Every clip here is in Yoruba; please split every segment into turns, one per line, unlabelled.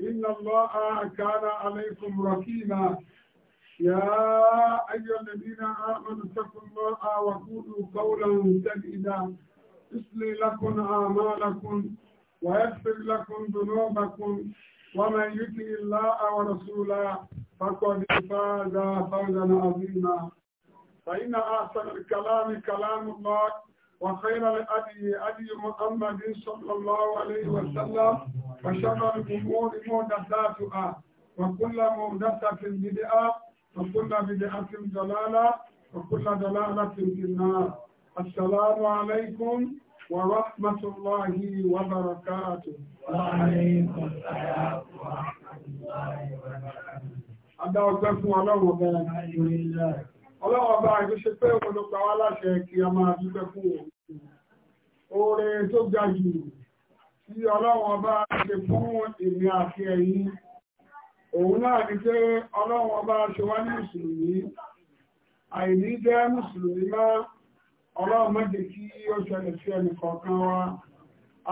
إن الله كان عليكم ركيما يا أيها الذين آمنوا اتقوا الله وقولوا قولا سديدا يصلي لكم أعمالكم ويغفر لكم ذنوبكم ومن يطع الله ورسوله فقد فاز فوزا عظيما فإن أحسن الكلام كلام الله وخير الأدي أدي محمد صلى الله عليه وسلم وشر الأمور محدثاتها وكل محدثة بدعة وكل بدعة ضلالة وكل ضلالة في النار السلام عليكم ورحمة الله وبركاته وعليكم السلام ورحمة الله وبركاته Adá ọgbẹ́ fún ọlọ́run ọba ọlọ́run ọba ìgbésẹ̀ pé òun ló pa wá láṣẹ kí a máa dúpẹ́ fún òun. Oore tó ga jù tí ọlọ́wọ́n bá ṣe fún èmi àti ẹ̀yin òun náà ni pé ọlọ́wọ́n bá ṣe wá ní mùsùlùmí àìní jẹ́ mùsùlùmí má ọlọ́wọ́n mẹ́jẹ kí ó ṣẹlẹ̀ sí ẹnì kọ̀ọ̀kan wa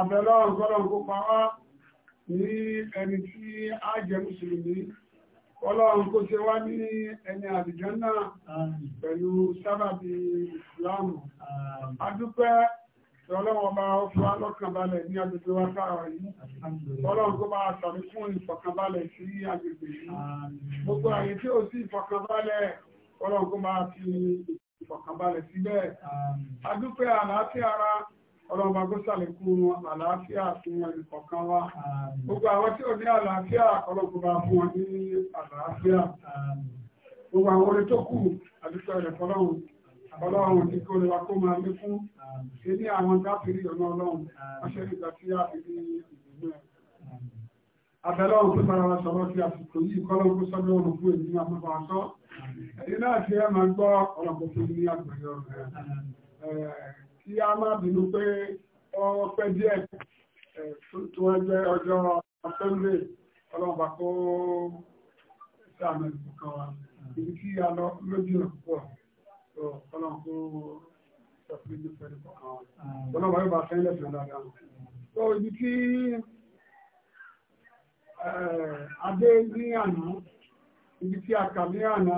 abẹ́lọ́run kọ́lọ̀ kó pa wá ní ẹni tí á jẹ́ mùsùlùmí ọlọ́run kó ṣe wá ní Ọlọ́run bá fi wá lọ́kànbalẹ̀ ní agbègbè wa yìí. Ọlọ́run kó bá sàrí fún ìfọ̀kànbalẹ̀ sí agbègbè yìí. Gbogbo àyè tí ó sì ìfọ̀kànbalẹ̀, ọlọ́run kó bá fi ìfọ̀kànbalẹ̀ síbẹ̀. Adúpẹ́ àlàáfíà ara ọlọ́run bá sàlékún àlàáfíà wa. Gbogbo àwọn tí ní àlàáfíà, ọlọ́run kó fún wọn ní àlàáfíà. ọlọ́run tí kò lè wá kó máa lé fún ṣe ní àwọn dáfírí ọ̀nà ọlọ́run ọṣẹ́ nígbà tí a fi ní ìgbìmọ̀ ẹ̀. abẹ́lọ́run tó fara wa sọ̀rọ̀ sí àsìkò yìí kọ́lọ́run kó sọ́dọ̀ ọ̀rọ̀ fún èmi máa fún wa sọ. ẹ̀yin náà ti ẹ̀ máa gbọ́ ọ̀rọ̀ kò fún mi ní àgbẹ̀yọ̀ rẹ̀. kí a má bínú pé ó pẹ́ díẹ̀ tó ẹgbẹ́ ọjọ́ sunday ọlọ́run bá kó sáà mẹ́rin kan wa ibi tí a lọ lójú ọ̀pọ̀ ọlọ́run kó ibi tí eh, adé ní àná ibi tí a kà ní àná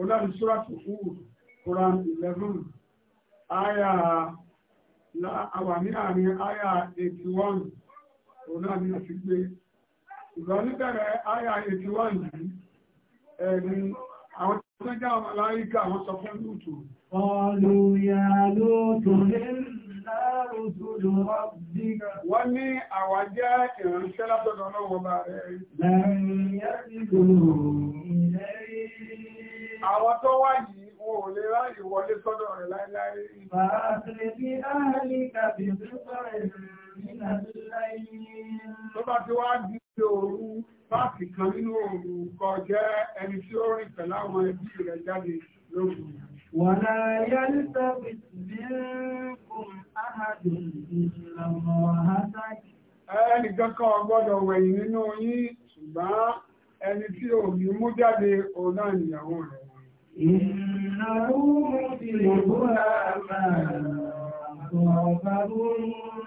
ọlọ́run tòkú Quran eleven aya àwà ní àárín aya eighty òun náà ni a ti gbé ìgbà oníbẹ̀rẹ̀ aya eighty yìí ẹ̀rí àwọn. Sọ́jà Màláríkà wọ́n sọ fún Lútù. Ọlùyà Lútù lè lárùsùlù ọ̀bígà. Wọ́n ní àwa jẹ́ ìrànṣẹ́ látọ̀dọ̀ ọlọ́wọ́ bá rẹ̀. Àwọn tó wá yìí, wọn ò lè ráyè wọlé sọ́dọ̀ rẹ̀ láíláí. Fàásìlẹ̀ páàkì kan nínú òru kọjá ẹni tí ó rìn pẹ̀lú àwọn ẹbí rẹ̀ jáde lóru. Wàlá yẹ́lí sẹ́fì ní kùn áhàdì ìlànà àtàkì. Ẹni kankan gbọ́dọ̀ wẹ̀yìn nínú yín ṣùgbọ́n ẹni tí ò ní mú jáde òun náà rẹ̀. Ìnáwó mo ti lè bóra máa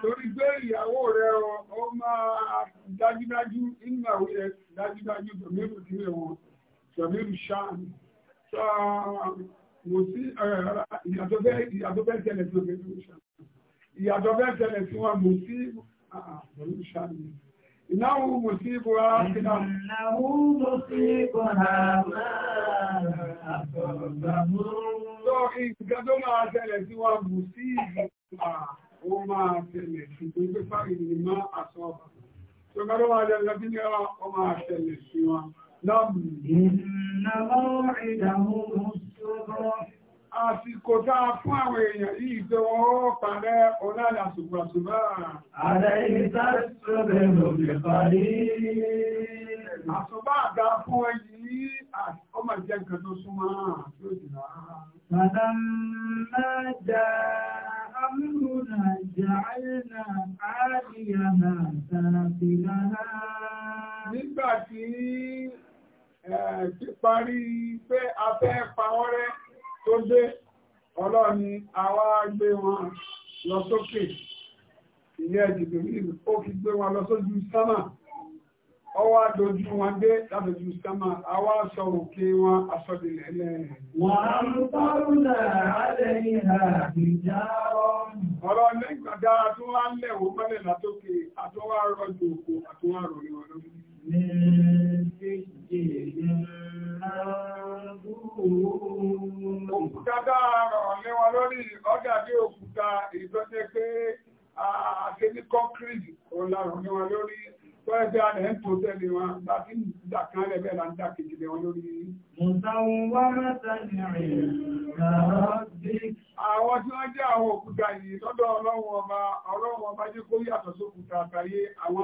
Torí pé ìyàwó rẹ̀ ó máa dájúdájú nínú àwọn ẹ̀ dájúdájú dòmírù ní ẹ̀wọ̀n dòmírù ṣáà sọ wò sí ìyàtọ̀ bẹ́ẹ̀ tẹ̀lẹ̀ sí dòmírù ṣáà ìyàtọ̀ bẹ́ẹ̀ tẹ̀lẹ̀ sí wọn wò sí dòmírù ṣáà ni. Ìnáwó mo sí ìbúra sílá. Ìnáwó mo sí ìbúra máa Sọ nǹkan tó máa tẹ̀lẹ̀ sí wọn bù sí ìbúra, ó máa tẹ̀lẹ̀ sí pé pé fáyìí ni máa àtọ̀ ọ̀bà ṣùgbọ́n wà jẹ́ kí ni ọ máa ṣẹlẹ̀ sí wọn lọ́mù. ìnáwó ìdààmú ṣọ́rọ̀. Àsìkò tá a fún àwọn èèyàn yìí pé wọ́n ó parẹ́ ọ̀làdà ṣùgbàṣùgbà. Ààrẹ ìta ṣọ́bẹ̀ ló lè parí. Àṣùgbà àgbà fún ẹ yìí, ó máa jẹ́ nǹkan tó súnmọ́ àti òjìlá. Màdàmú. àwárí pé afẹ́ pawọ́rẹ́ tó dé ọlọ́ni àwa gbé wọn lọ sókè ó fi gbé wọn lọ sójú sámà ọwọ́ àdójú wọn dé sámà àwa sọ òkè wọn asọ́dìlẹ̀ á mú náà ọ̀rọ̀ nígbà tó wá ń lẹ̀wọ̀ mọ́lẹ̀ látókè àtọwárọ̀ jòkó àtọwárọ̀ ìwọ̀n Òkúta dáàrọ̀ léwa lórí ọjà bí òkúta ìtọ́jẹ́ pé àti ní kọ́nkírìtì ọ̀làrọ̀ lórí Tọ́ẹ̀bẹ́ àrẹ ń tó tẹ́lẹ̀ wọn láti ìdàkan rẹ̀ bẹ́ẹ̀ láti lórí. àwọn tí wọ́n jẹ́ àwọn òkúta yìí lọ́dọ̀ ọlọ́run ọba ọlọ́run ọba jẹ́ yàtọ̀ sókúta àtàyé àwọn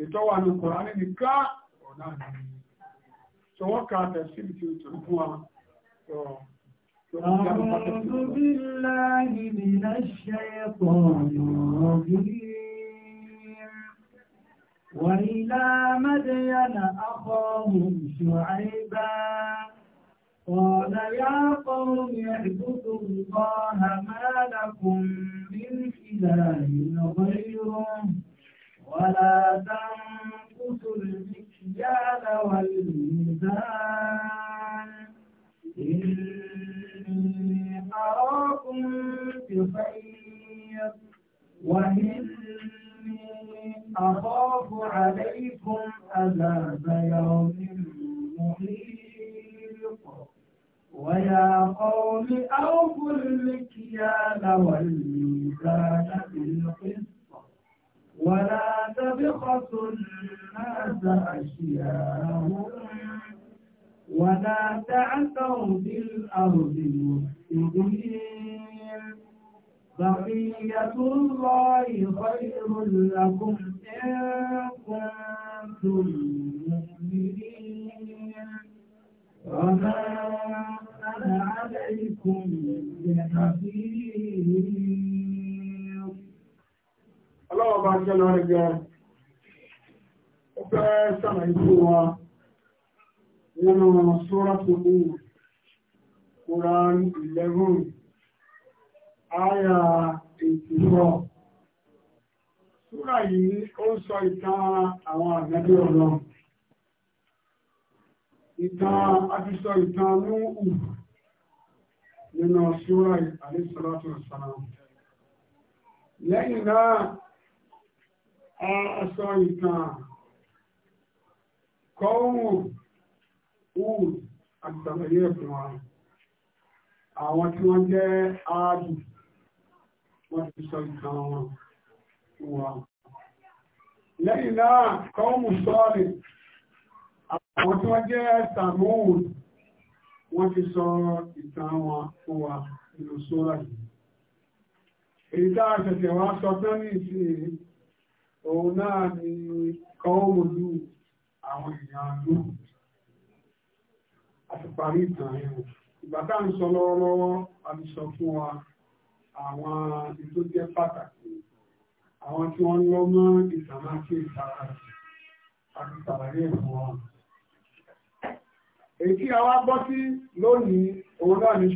ìtọ́wà ní kòránì ní ká ọ̀nà àmì tó wọ́n ká tẹ̀sílì tí ó tó fún wa أعوذ بالله من الشيطان الرجيم وإلى مدين أخاهم شعيبا قال يا قوم اعبدوا الله ما لكم من إله غيره ولا تنقصوا المكيال والميزان إني أراكم بخير وإني أخاف عليكم عذاب يوم محيط ويا قوم أوفوا المكيال والميزان الأرض مفسدين بقية الله خير لكم إن كنتم مؤمنين وما أنا عليكم بحفيظ الله أبارك لك Ó fẹ́ sàmà ìfún wa nínú Sóràtù Múùrù. Quran 11, Aya 84. Súra yìí ó ń sọ ìtàn àwọn àgbẹ̀bí ọ̀nà. Ìtàn àfisọ ìtàn lóòkù nínú Súra àlésọ́látò sàrà. Lẹ́yìn náà, a sọ ìtàn kọ́wùn Oòrùn àti àbẹ̀yẹ̀ fún àwọn tí wọ́n jẹ́ áàdù wọ́n ti sọ ìkan wọn wà lẹ́yìn náà kọ́ọ̀mù sọ́ọ̀lì àwọn tí wọ́n jẹ́ sàmóhùn wọ́n ti sọ ìtàn wọn fún wa nínú sóra yìí èyí tá a ṣẹ̀ṣẹ̀ wá sọ tán ní ìsinyìí òun náà ni kọ́ọ̀mù lù àwọn èèyàn lù àti parí ìtàn ẹ̀wọ̀n ìgbàtà ń sọ lọ́wọ́lọ́wọ́ fún wa àwọn ètò jẹ́ pàtàkì àwọn tí wọ́n lọ mọ́ ìsàmáṣe ìsàrà àti sàlàyé fún wa. èyí àwa gbọ́ sí lónìí òun náà ọba tí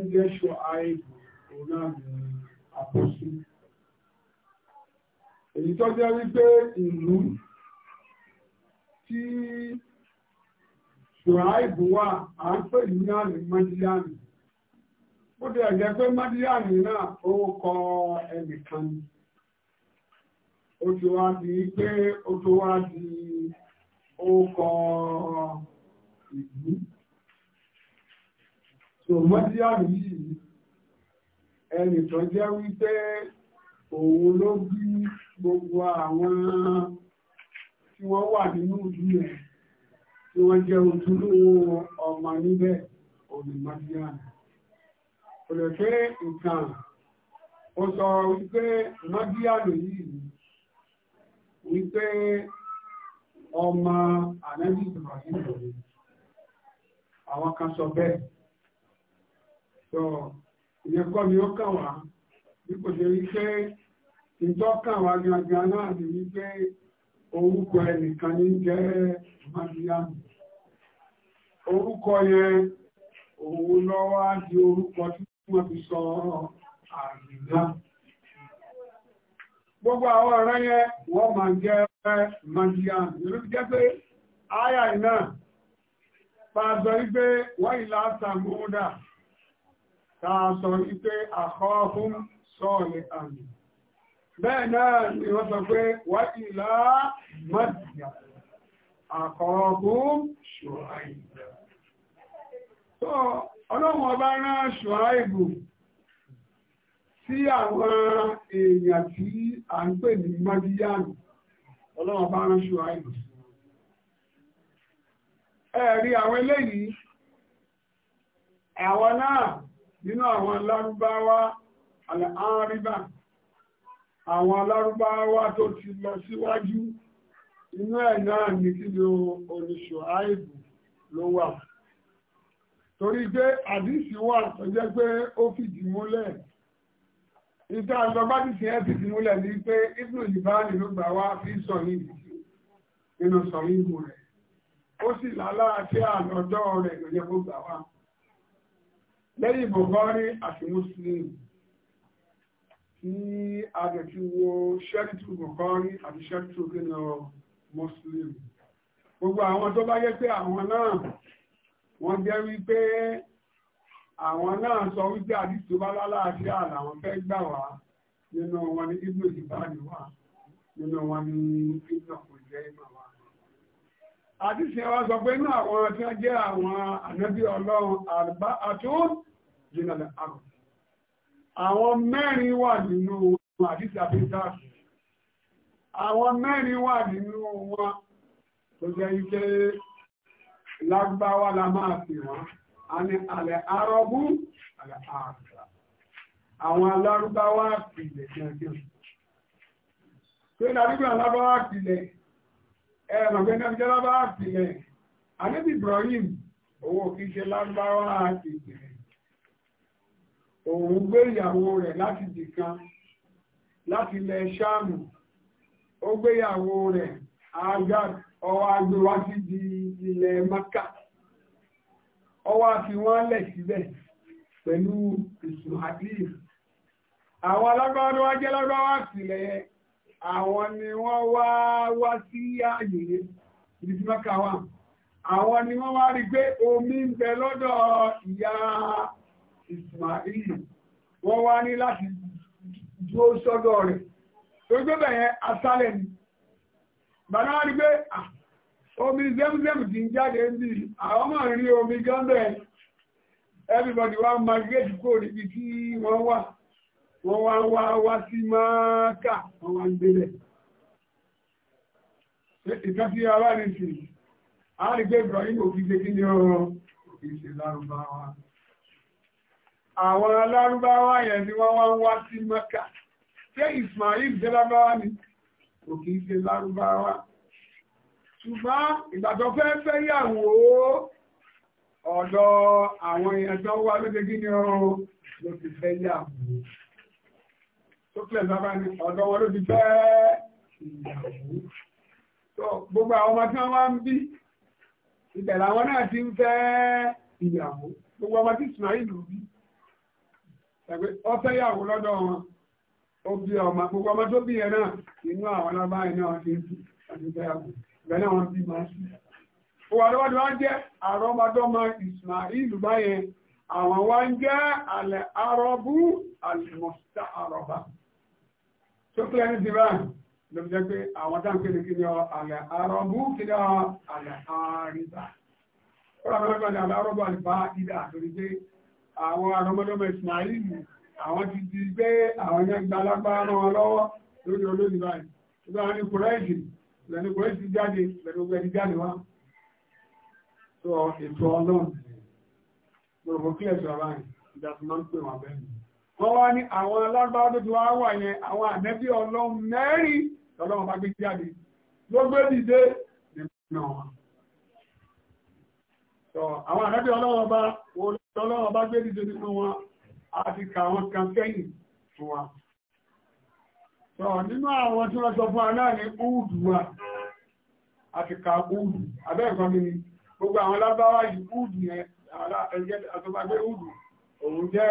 ń jẹ́ ṣòháìlì òun náà ní àpòsí. èyí tó tí ṣùráìbù wà à ń pè ní àmì mọ́díyàmì ó ti ẹ̀jẹ̀ pé náà ó kọ ẹnìkan ó ti wá di pé ó wá di ó kọ ìlú so mọ́díyàmì yìí ẹnì jẹ́ wípé òun ló bí gbogbo àwọn tí wọ́n wà nínú ìlú rẹ̀ tí wọ́n jẹ́ ojúlówó ọmọ níbẹ̀ olùmọ̀díyàn olùfẹ́ nǹkan ó sọ wípé mọ́díyàn yìí wípé ọmọ ànábì Ibrahim rẹ̀ àwọn kan sọ bẹ́ẹ̀ sọ ìyẹn kọ́ ni ó kàn wá bí kò ṣe wípé ìtọ́kàn wá gangan náà ni wípé orúkọ ẹnìkan ní jẹ́ Mariam orúkọ yẹn òun lọ́wọ́ di orúkọ tí wọ́n fi sọ àrídá gbogbo àwọn ọ̀rẹ́ yẹn wọ́n máa jẹ́ Mariam ìlú jẹ́ pé àyà náà pàṣọ wípé wọ́n ìlà sàmúdà tààṣọ wípé àkọ́ fún sọ́ọ̀lẹ̀ àmì bẹ́ẹ̀ náà ni wọ́n sọ pé wọ́n ti lá mọ́dìyà àkọ́ọ̀bùn ọlọ́run ọba rán ṣùháì àwọn èèyàn tí a ń pè ní mọ́díyànù ọlọ́run ọba rán àwọn eléyìí àwọn náà nínú àwọn lárúbáwá àwọn alárúbáwá tó ti lọ síwájú inú ẹ̀ náà ní kílò oníṣò àìbù ló wà torí pé àdìsí wà tó jẹ́ pé ó fìdí múlẹ̀ ìta àjọbádìsí ẹ̀ fìdí múlẹ̀ ní pé ibnu ìbáni ló gbà wá fi sọ níbi nínú sọ níbo rẹ̀ ó sì lálàáfíà lọ́dọ̀ rẹ̀ ló yẹ kó gbà wá lẹ́yìn bọ̀gọ́rí àti mùsùlùmí tí a dẹ̀ ti wo ṣẹ́kìtù Bukhari àti ṣẹ́kìtù kínà Muslim gbogbo àwọn tó bá yẹ pé àwọn náà wọ́n jẹ́ wípé àwọn náà sọ wípé àdìsí bá lálàáfíà làwọn fẹ́ gbà wá nínú wọn ní ibùdó ìbáàdì wà nínú wọn ní ibùdó kò jẹ́ ìmọ̀ wà. àdìsí wa sọ pé inú àwọn tí wọ́n jẹ́ àwọn ànábì ọlọ́run àgbà àtún jìnnà àrùn àwọn mẹ́rin wà nínú wọn àdísì àbíjáàsì àwọn mẹ́rin wà nínú wọn tó jẹ́ ike lágbáwá la máa fi wọ́n a ní alẹ́ arọ́bú alẹ́ àgbà àwọn alárúbáwá pìlẹ̀ jẹ́jẹ́ tó ní àdúgbò alábáwá pìlẹ̀ ẹ̀rọ̀gbẹ́ náà jẹ́ lábáwá pìlẹ̀ àdébìbrọ̀yìn owó kí ṣe lágbáwá pìlẹ̀ òun gbé ìyàwó rẹ̀ láti dìkan láti ilẹ̀ ṣáàmù ó gbé ìyàwó rẹ̀ agag ọwọ́ agbéwá sí di ilẹ̀ maka ọwọ́ àti wọ́n lẹ̀ síbẹ̀ pẹ̀lú ìsùnàdìr àwọn alágbára wá jẹ́ wá sílẹ̀ àwọn ni wọ́n wá wá sí ààyè ibi tí maka wà àwọn ni wọ́n wá rí pé omi ń bẹ lọ́dọ̀ ìyá ìsìmáìlì wọ́n wá ní láti dúró sọ́dọ̀ rẹ̀ tó yẹn asálẹ̀ ni pé omi zemzem ti ń jáde ní àwọn máa rí omi gánbẹ̀ everybody wá migrate kúrò níbi tí wọ́n wà wọ́n wá wá wá sí wọ́n wá ń gbélẹ̀ tí a wá ní sí a pé Ibrahim òfin kí àwọn alárúbáwá yẹn ni wọ́n wá ń wá sí mẹ́kà ṣé Ismail jẹ́ lárúbáwá ni kò kìí ṣe lárúbáwá ṣùgbọ́n ìgbà tó fẹ́ fẹ́ yàwó ọ̀dọ̀ àwọn èèyàn tó wá lóde kí ni ọrùn ló ti fẹ́ yàwó tó kílẹ̀ sábà ní ọ̀dọ̀ wọn ló ti fẹ́ ìyàwó gbogbo àwọn ọmọ tí wọ́n wá ń bí ìbẹ̀rẹ̀ àwọn náà ti ń fẹ́ ìyàwó gbogbo ọmọ tí Ismail ló bí ẹgbẹ́ ya yàwó lọ́dọ̀ wọn obi bí ọmọ gbogbo ọmọ tó bí yẹn náà inú àwọn alábáyé náà ti ti fẹ́ yàwó ìgbẹ́ náà wọ́n bí máa sí. òwò àdọ́wọ́dọ́ jẹ́ báyẹn àwọn jẹ́ alẹ́ àrọ́bà ló fi jẹ́ ọ alẹ́ ọ alẹ́ ó rà àwọn àrọmọdọ́mọ ìsìnàílì àwọn ti di gbé àwọn ẹgbẹ́ alágbára wọn lọ́wọ́ lórí olóyìn báyìí nígbà wọn ní kùrẹ́ẹ̀sì lẹ́nu kùrẹ́ẹ̀sì jáde lẹ́nu gbẹ́ni jáde wá tó ètò ọlọ́run gbogbo kílẹ̀ sọ báyìí ìdàtí máa ń pè wọn bẹ́ẹ̀ wọ́n wá ní àwọn alágbára tó ti wá wà yẹn àwọn ànẹ́bí ọlọ́run mẹ́rin lọ́lọ́run bá gbé jáde ló gbé dìde nínú wọn àwọn àrẹ́bí ọlọ́wọ́ bá gbé dìde nínú wọn àti kà wọn kan sẹ́yìn fún wa sọ nínú àwọn tí wọ́n sọ fún aná ní úùdù wa àti kà úùdù abẹ́ẹ̀kan mi ni gbogbo àwọn lábáwá yìí úùdù yẹn àtọ́gbàgbé úùdù òun jẹ́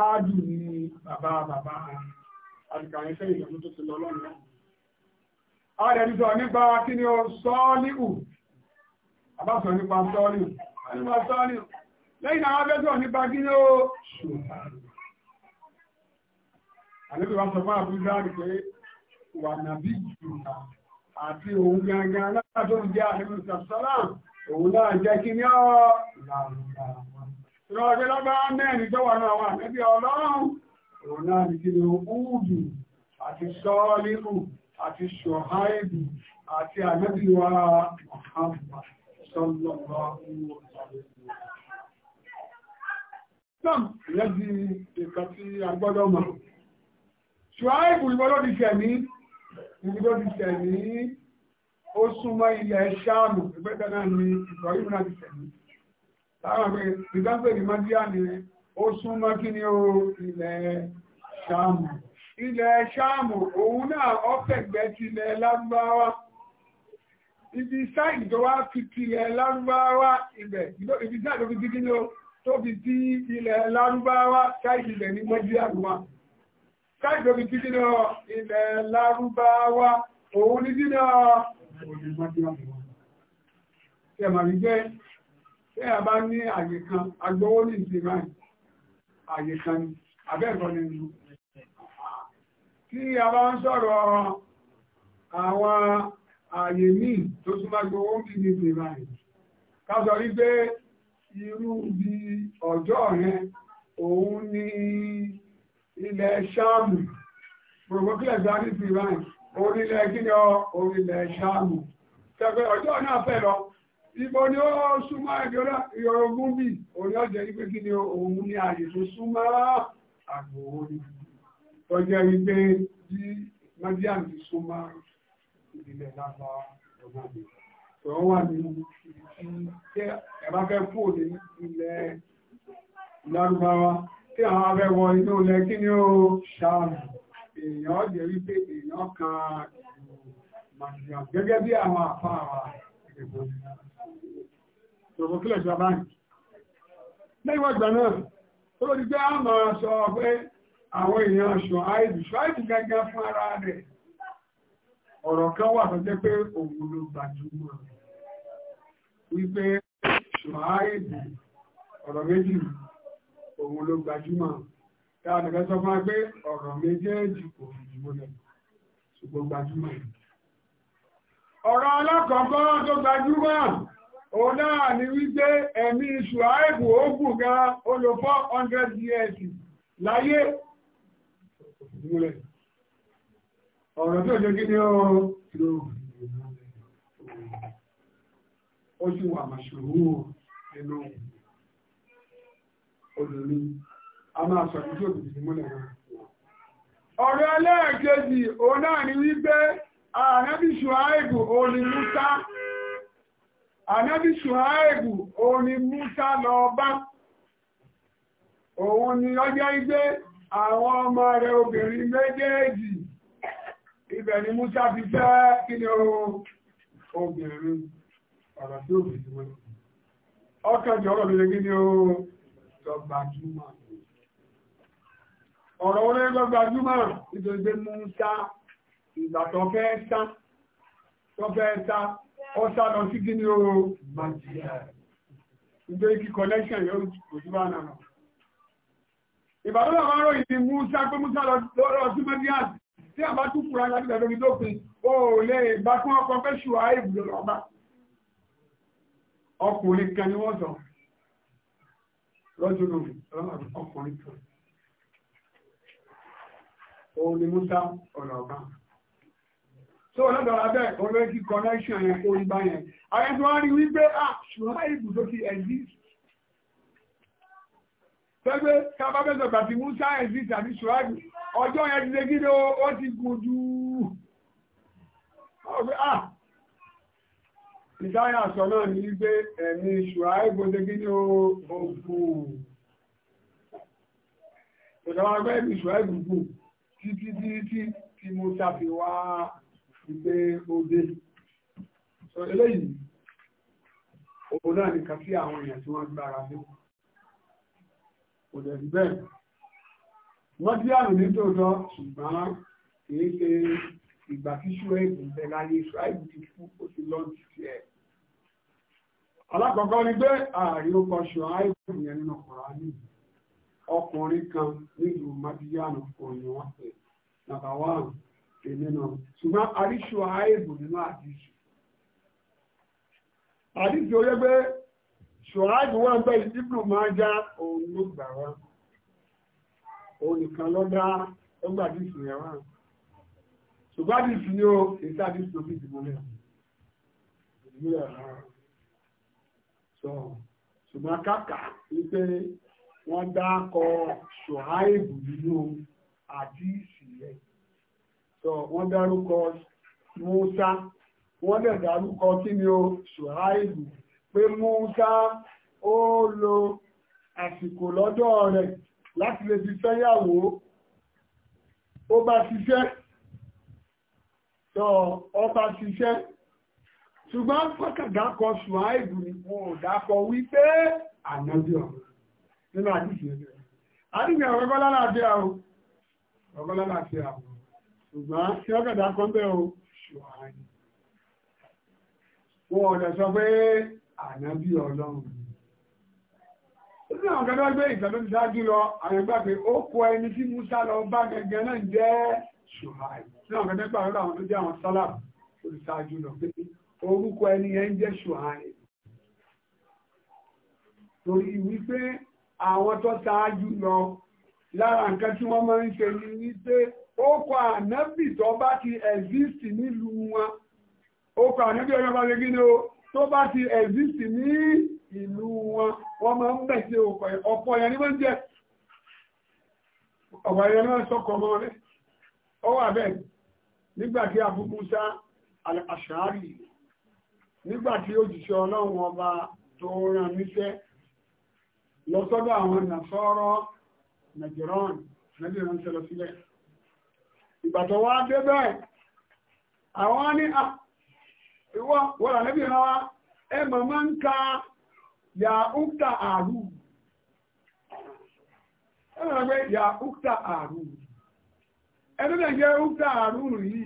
áàdù ní bàbá bàbá àti kà yẹn sẹ́yìn lọ́dún tó ti lọ lọ́nà abáṣọ nípa sọ́ọ̀lù nípa sọ́ọ̀lù lẹ́yìn àwọn abẹ́sọ̀ nípa kí ní ó ṣùgbọ́n àlébí wa sọ fún àbújá rí pé wà nàbí ìjùlá àti òun gangan látọ́ jẹ́ àlébí sàṣọ́lá òun náà jẹ́ kí ní ọ́ làrùn làwọn mẹ́rin tó wà náà wà níbi ọlọ́run òun náà ní kí ní òkúùdù àti sọ́ọ̀lù àti ṣọ̀háìbù àti àlébí wa Muhammad Ṣùháìbù ìbọ́lọ́ ti ṣẹ̀mí, ìbúdó ti ṣẹ̀mí, ó súnmọ́ ilẹ̀ ṣáàmù ìgbẹ́ta náà ni ìbọ̀yìí náà ti ṣẹ̀mí. Láwọn pé ìdágbé ìmọ́díà ni ó súnmọ́ kí ni ó ilẹ̀ ṣáàmù. Ilẹ̀ ṣáàmù òun náà ọ́fẹ̀gbẹ́ ti ilẹ̀ lágbáwá ibi sáìdì tó wá fi tilẹ̀ lárúbáwá ibẹ̀ ibi sáìdì tó fi ti kíni o tó fi ti ilẹ̀ lárúbáwá sáìdì ibẹ̀ ní mọ́jíríà ló wà sáìdì tó fi ti kíni o ilẹ̀ lárúbáwá òun ní kíni o òun ní mọ́jíríà ló wà. ṣé màá rí jẹ́ ṣé a bá ní àyè kan agbowó ní ìsinmi àyè kan ní abẹ́ẹ̀kọ́ ní ìlú tí a bá ń sọ̀rọ̀ àwọn ààyè míì tó tún máa gbowó ń bí ní bèèrè ká sọ wípé irú bí ọjọ́ yẹn òun ni ilẹ̀ ṣáàmù provokílẹ̀ gba ní bèèrè orílẹ̀ kíyọ orílẹ̀ ṣáàmù tẹ̀pẹ́ ọjọ́ náà fẹ́ lọ ibo ni ó súnmọ́ ẹgbẹ́rẹ́ ìyọ̀rọ̀gún bí orí ọjọ́ wípé kí ni òun ni ààyè tó súnmọ́ àgbò orí tó jẹ́ bí mọ́díàmù súnmọ́ ìdílé lápá ọgbọ́gbé ṣọ̀rọ̀ wà ní ṣe ẹ̀bá fẹ́ kú ní ilẹ̀ lárúbáwá tí àwọn abẹ́ wọ inú ilẹ̀ kí ni ó ṣàmù èèyàn jẹ́ wípé èèyàn kan màdìyàn gẹ́gẹ́ bí àwọn àpá àwà ìdìbò ṣòro kílẹ̀ ṣàbá ní lẹ́yìn ọgbà náà tó ló ti gbé àmọ̀ sọ pé àwọn èèyàn ṣọ àìdù ṣọ àìdù gẹ́gẹ́ fún ara rẹ̀ ọ̀rọ̀ kan wà tó jẹ́ pé òun ló gbajúmọ̀ wípé ṣùháìdì ọ̀rọ̀ méjì òun ló gbajúmọ̀ dáadẹ́gbẹ́ sọ fún wa pé ọ̀rọ̀ méjèèjì kò fìdí múlẹ̀ ṣùgbọ́n gbajúmọ̀ ọ̀rọ̀ alákọ̀ọ́kọ́ tó gbajúmọ̀ òun náà ni wípé ẹ̀mí ṣùháìdì ó gùn gan ó lò years láyé kò fìdí múlẹ̀ ọ̀rọ̀ tí ó ọrụ gíní ó sì wà màṣùrù ẹnu a máa sọ ìjọ òbìdì múlẹ̀ náà ọ̀rọ̀ ẹlẹ́ẹ̀kejì òun náà ni wípé ànábì ṣùháìbù òun ni múta ànábì ṣùháìbù lọ bá òun ni ọjọ́ igbé àwọn ọmọ rẹ̀ obìnrin méjèèjì ibẹ̀ ni Musa ti jẹ́ kí ni obìnrin ọ̀rọ̀ tí ó fi ti wọ́n ọkàn ọ̀rọ̀ lórí kí ni ó lọ́gbàjúmọ̀ ọ̀rọ̀ orí lọ́gbàjúmọ̀ nítorí pé Musa ìgbà tó fẹ́ sá tó fẹ́ sá ó sá lọ sí kí ni ó nítorí kí yóò bá ìbàdàn àwọn pé lọ sí tí a bá tún fura láti ìgbàdóbi dópin ó lè bá fún ọkọ pé ṣùgbọ́n àìbù ló lọ bá ọkùnrin kan ni wọ́n sọ lọ́jọ́ lòun ọkùnrin kan òun ni Musa ọ̀nà ọ̀gá so lọ́dọ̀ abẹ́ olóyìnkí connection yẹn kó ibá yẹn ayé tí wọ́n rí wípé ah ṣùgbọ́n àìbù tó ti exist pẹ́gbẹ́ kábàbẹ́sọ̀ gbàtí Musa exist àti ṣùgbọ́n ọjọ́ yẹn ti ṣe kí ni ó ti gùn jù ah! ìdáyà sọ náà ní gbé ẹ̀mí ṣùgbọ́n ìgbòdé kí ni ó gùn ìjọba gbé ẹ̀mí ṣùgbọ́n ìgbògbò títí títí tí mo ṣàfiwá ìgbé òde sọ eléyìí òun náà nìkan sí àwọn èèyàn tí wọ́n gbára lé kò dẹ̀ bẹ́ẹ̀ wọ́n bí àrùn ní tòótọ́ ṣùgbọ́n kìí ṣe ìgbà tí ṣúwẹ́ẹ̀bù bẹ̀ láyé ṣúwẹ́ẹ̀bù ti kú ó ti lọ ti tiẹ̀. alákọ̀ọ́kọ́ ni pé ààrí ó kọ ṣùwẹ́ẹ̀bù yẹn nínú Kùránì ọkùnrin kan nílùú madiyan kò ní wọ́n pè nàbà wà èmi náà ṣùgbọ́n àrí ṣùwẹ́ẹ̀bù nínú àdìsù. àdìsù ó yẹ pé ṣùwẹ́ẹ̀bù wọn bẹ́ẹ̀ ibùdó máa já òun ló gbà wọn òun nìkan ló dá ó gbà dìsì yẹn wá ṣùgbọ́n dìsì ni ó kì í sáàdì tó fi dìbò lẹ̀ ìbílẹ̀ rárá sọ ṣùgbọ́n kàkà wípé wọ́n dá kọ ṣòháìbù nínú àdìsì yẹn sọ wọ́n dárúkọ Musa wọ́n dẹ̀ dárúkọ kí ni ó ṣòháìbù pé Musa ó lo àsìkò lọ́dọ̀ rẹ̀ láti lè fi fẹ́yàwó ó bá ṣiṣẹ́ tọ́ ọba ṣiṣẹ́ ṣùgbọ́n pàtàkì kọ ṣùháìbù ni mo ò dákọ wípé ànábì ọ̀rọ̀ nínú àdìsí ẹgbẹ́ àdìsí ọ̀rọ̀ kọ́ lálàáfíà o ọ̀rọ̀ lálàáfíà o ṣùgbọ́n tí ó kẹ̀dá ní àwọn gẹ́gẹ́ gbé ìgbà tó ti dájú lọ àwọn ìgbà pé ó kọ ẹni tí Musa lọ bá gẹ́gẹ́ náà jẹ́ ṣùháì ní àwọn gẹ́gẹ́ gbà lọ́dọ̀ àwọn tó jẹ́ àwọn sálà tó ti dájú lọ pé orúkọ ẹni yẹn jẹ́ ṣùháì torí wípé àwọn tó ṣáájú lọ lára nǹkan tí wọ́n máa ń ṣe ni wípé ó kọ ànábì tó bá ti exist nílùú wọn ó kọ ànábì ọjọ́ bá ṣe kí ni tó bá ti exist ní ìlú wọn wọ́n máa ń bẹ̀ sí ọ̀pọ̀ ẹ̀yà ní máa ń jẹ́ ọ̀pọ̀ ẹ̀yà ní máa ń sọ́kọ̀ ọmọ rẹ̀ ó wà bẹ́ẹ̀ nígbàtí Abu Musa al-Ash'ari nígbàtí òjìṣẹ́ ọlọ́run ọba tó rán níṣẹ́ lọ sọ́dọ̀ àwọn nàṣọ́rọ́ nàìjíríàn nàìjíríàn ṣẹlọ sílẹ̀ ìgbàtọ̀ wá dé bẹ́ẹ̀ àwọn ní ah, ìwọ́ wọ́n lànẹ́bìnrin wa ẹ mọ̀ máa ń ka Ya Ukta àrù ẹ̀rọ ẹgbẹ́ yà úkà àrù ẹni lè jẹ́ úkà àrù yìí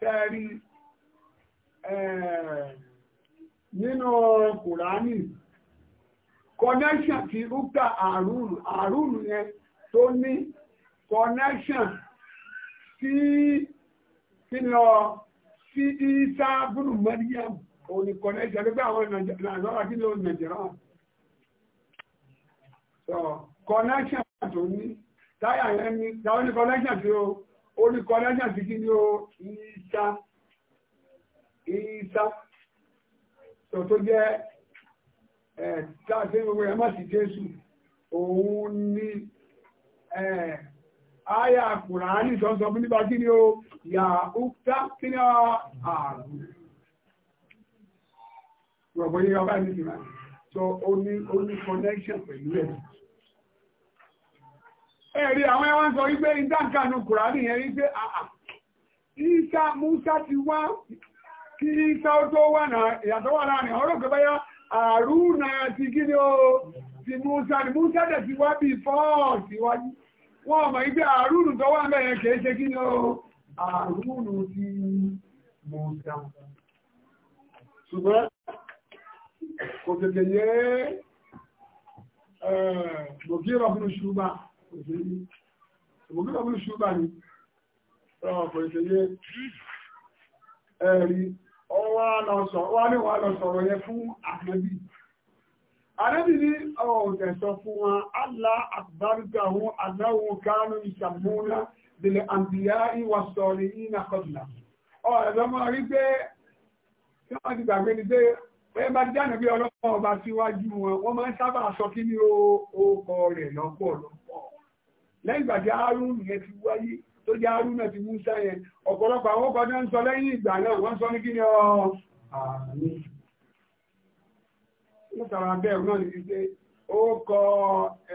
tẹ́rí nínú kùránì connection ti Ukta àrù àrù yẹn tó ní connection sí kí lọ sí ìsá bùrù mẹ́ríyàmù òní kọ̀nẹ́jà ló gbé àwọn nàìjíríà kí ló nàìjíríà so connection tó ní táyà yẹn tí ó ní connection tí kí ni ó ìsá ìsá tó tó jẹ́ ẹ̀ táàtí gbogbo ẹ̀ má sì jésù òun ní ẹ̀ àyà kùràánì sọ́sọ́ bí nípa kí ni ó yà ó tá kí ni àrùn rọ̀bọ̀ yíya ọba ní ìrà so ó ní ó ní connection pẹ̀lú ẹ̀ ẹ̀rí àwọn ẹwọ́n sọ wípé ìdáǹkanu kùránì yẹn wípé àà ìsá Músá ti wá kí ìsá ó tó wà náà ìyàtọ̀ wà láàrin ọ̀rọ̀ pé báyá àrùnà ti kí ni ó ti Músá ni Músá dẹ̀ ti wá bí fọ́ọ̀ síwájú wọ́n mọ̀ wípé àrùnù tó wà mẹ́rin kìí ṣe kí ni ó àrùnù ti Músá kò tètè yẹ Mugira bin Shuba kò tètè yẹ ni kò tètè yẹ ẹ̀rí ọwá lọ sọ̀rọ̀ yẹ fún ànábì ànábì ní ọ̀ọ̀tẹ̀ sọ fún wa Allah àbáríkà wọn aláwọ̀ kánú ìṣàmúnà bèèrè àǹdíyá ìwà sọ̀rọ̀ yìí nà kọ́dùnà ọ̀ẹ̀lọ́mọ́ rí pé kí wọ́n ti bẹ́ẹ̀ bá dáná bí ọlọ́pàá ọba síwájú wọn wọ́n máa ń sábà sọ kí ní orúkọ rẹ̀ lọ́pọ̀lọpọ̀ lẹ́yìn ìgbà tí Hárúnà yẹn ti wáyé tó jẹ́ Hárúnà ti Músà yẹn ọ̀pọ̀lọpọ̀ àwọn ọkọ̀ tó ń sọ lẹ́yìn ìgbà náà wọ́n sọ ní kí ní ọ àmì látara bẹ́ẹ̀ náà ní pé ó kọ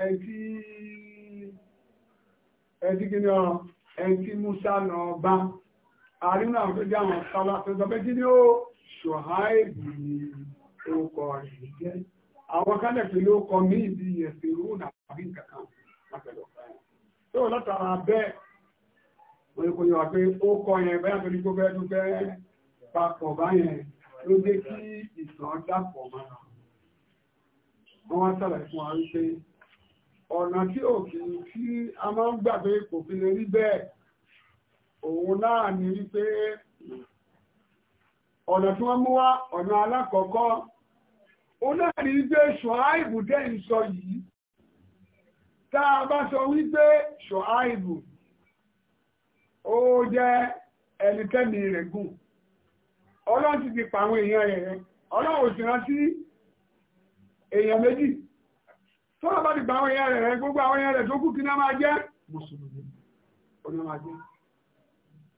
ẹtí ẹtí kí ní ọ ẹtí Músà lọ bá Hárúnà tó jẹ́ àwọn sọlá tó sọ pé kí ní ó ṣòháìbì orúkọ rẹ̀ ní jẹ́ àwọn kálẹ̀ pé ló kọ mí ìdí ẹ̀sìn rúnà àbí kankan látọ̀dọ̀ tó látara bẹ́ẹ̀ wọ́n ní kò yọ pé ó kọ yẹn bẹ́ẹ̀ tó ní kó fẹ́ tó fẹ́ papọ̀ báyẹn ló dé kí ìtàn dàpọ̀ mọ́ra wọ́n wá sàlàyé fún wa wípé ọ̀nà tí òfin tí a máa ń gbà pé kò fi lè rí bẹ́ẹ̀ òun náà ní wípé ọ̀nà tí wọ́n mú wá ọ̀nà alákọ̀ọ́kọ́ O náà ní wípé ṣọ̀áìbù dẹ́ ìṣọ yìí tá a bá sọ wípé ṣọ̀áìbù ó jẹ́ ẹnikẹ́ni rẹ̀ gùn ọlọ́run ti ti pa àwọn èèyàn rẹ̀ rẹ̀ ọlọ́run ò sì rántí èèyàn méjì tó bá ti pa àwọn èèyàn rẹ̀ gbogbo àwọn èèyàn rẹ̀ tó kù kí náà máa jẹ́ mùsùlùmí oní máa jẹ́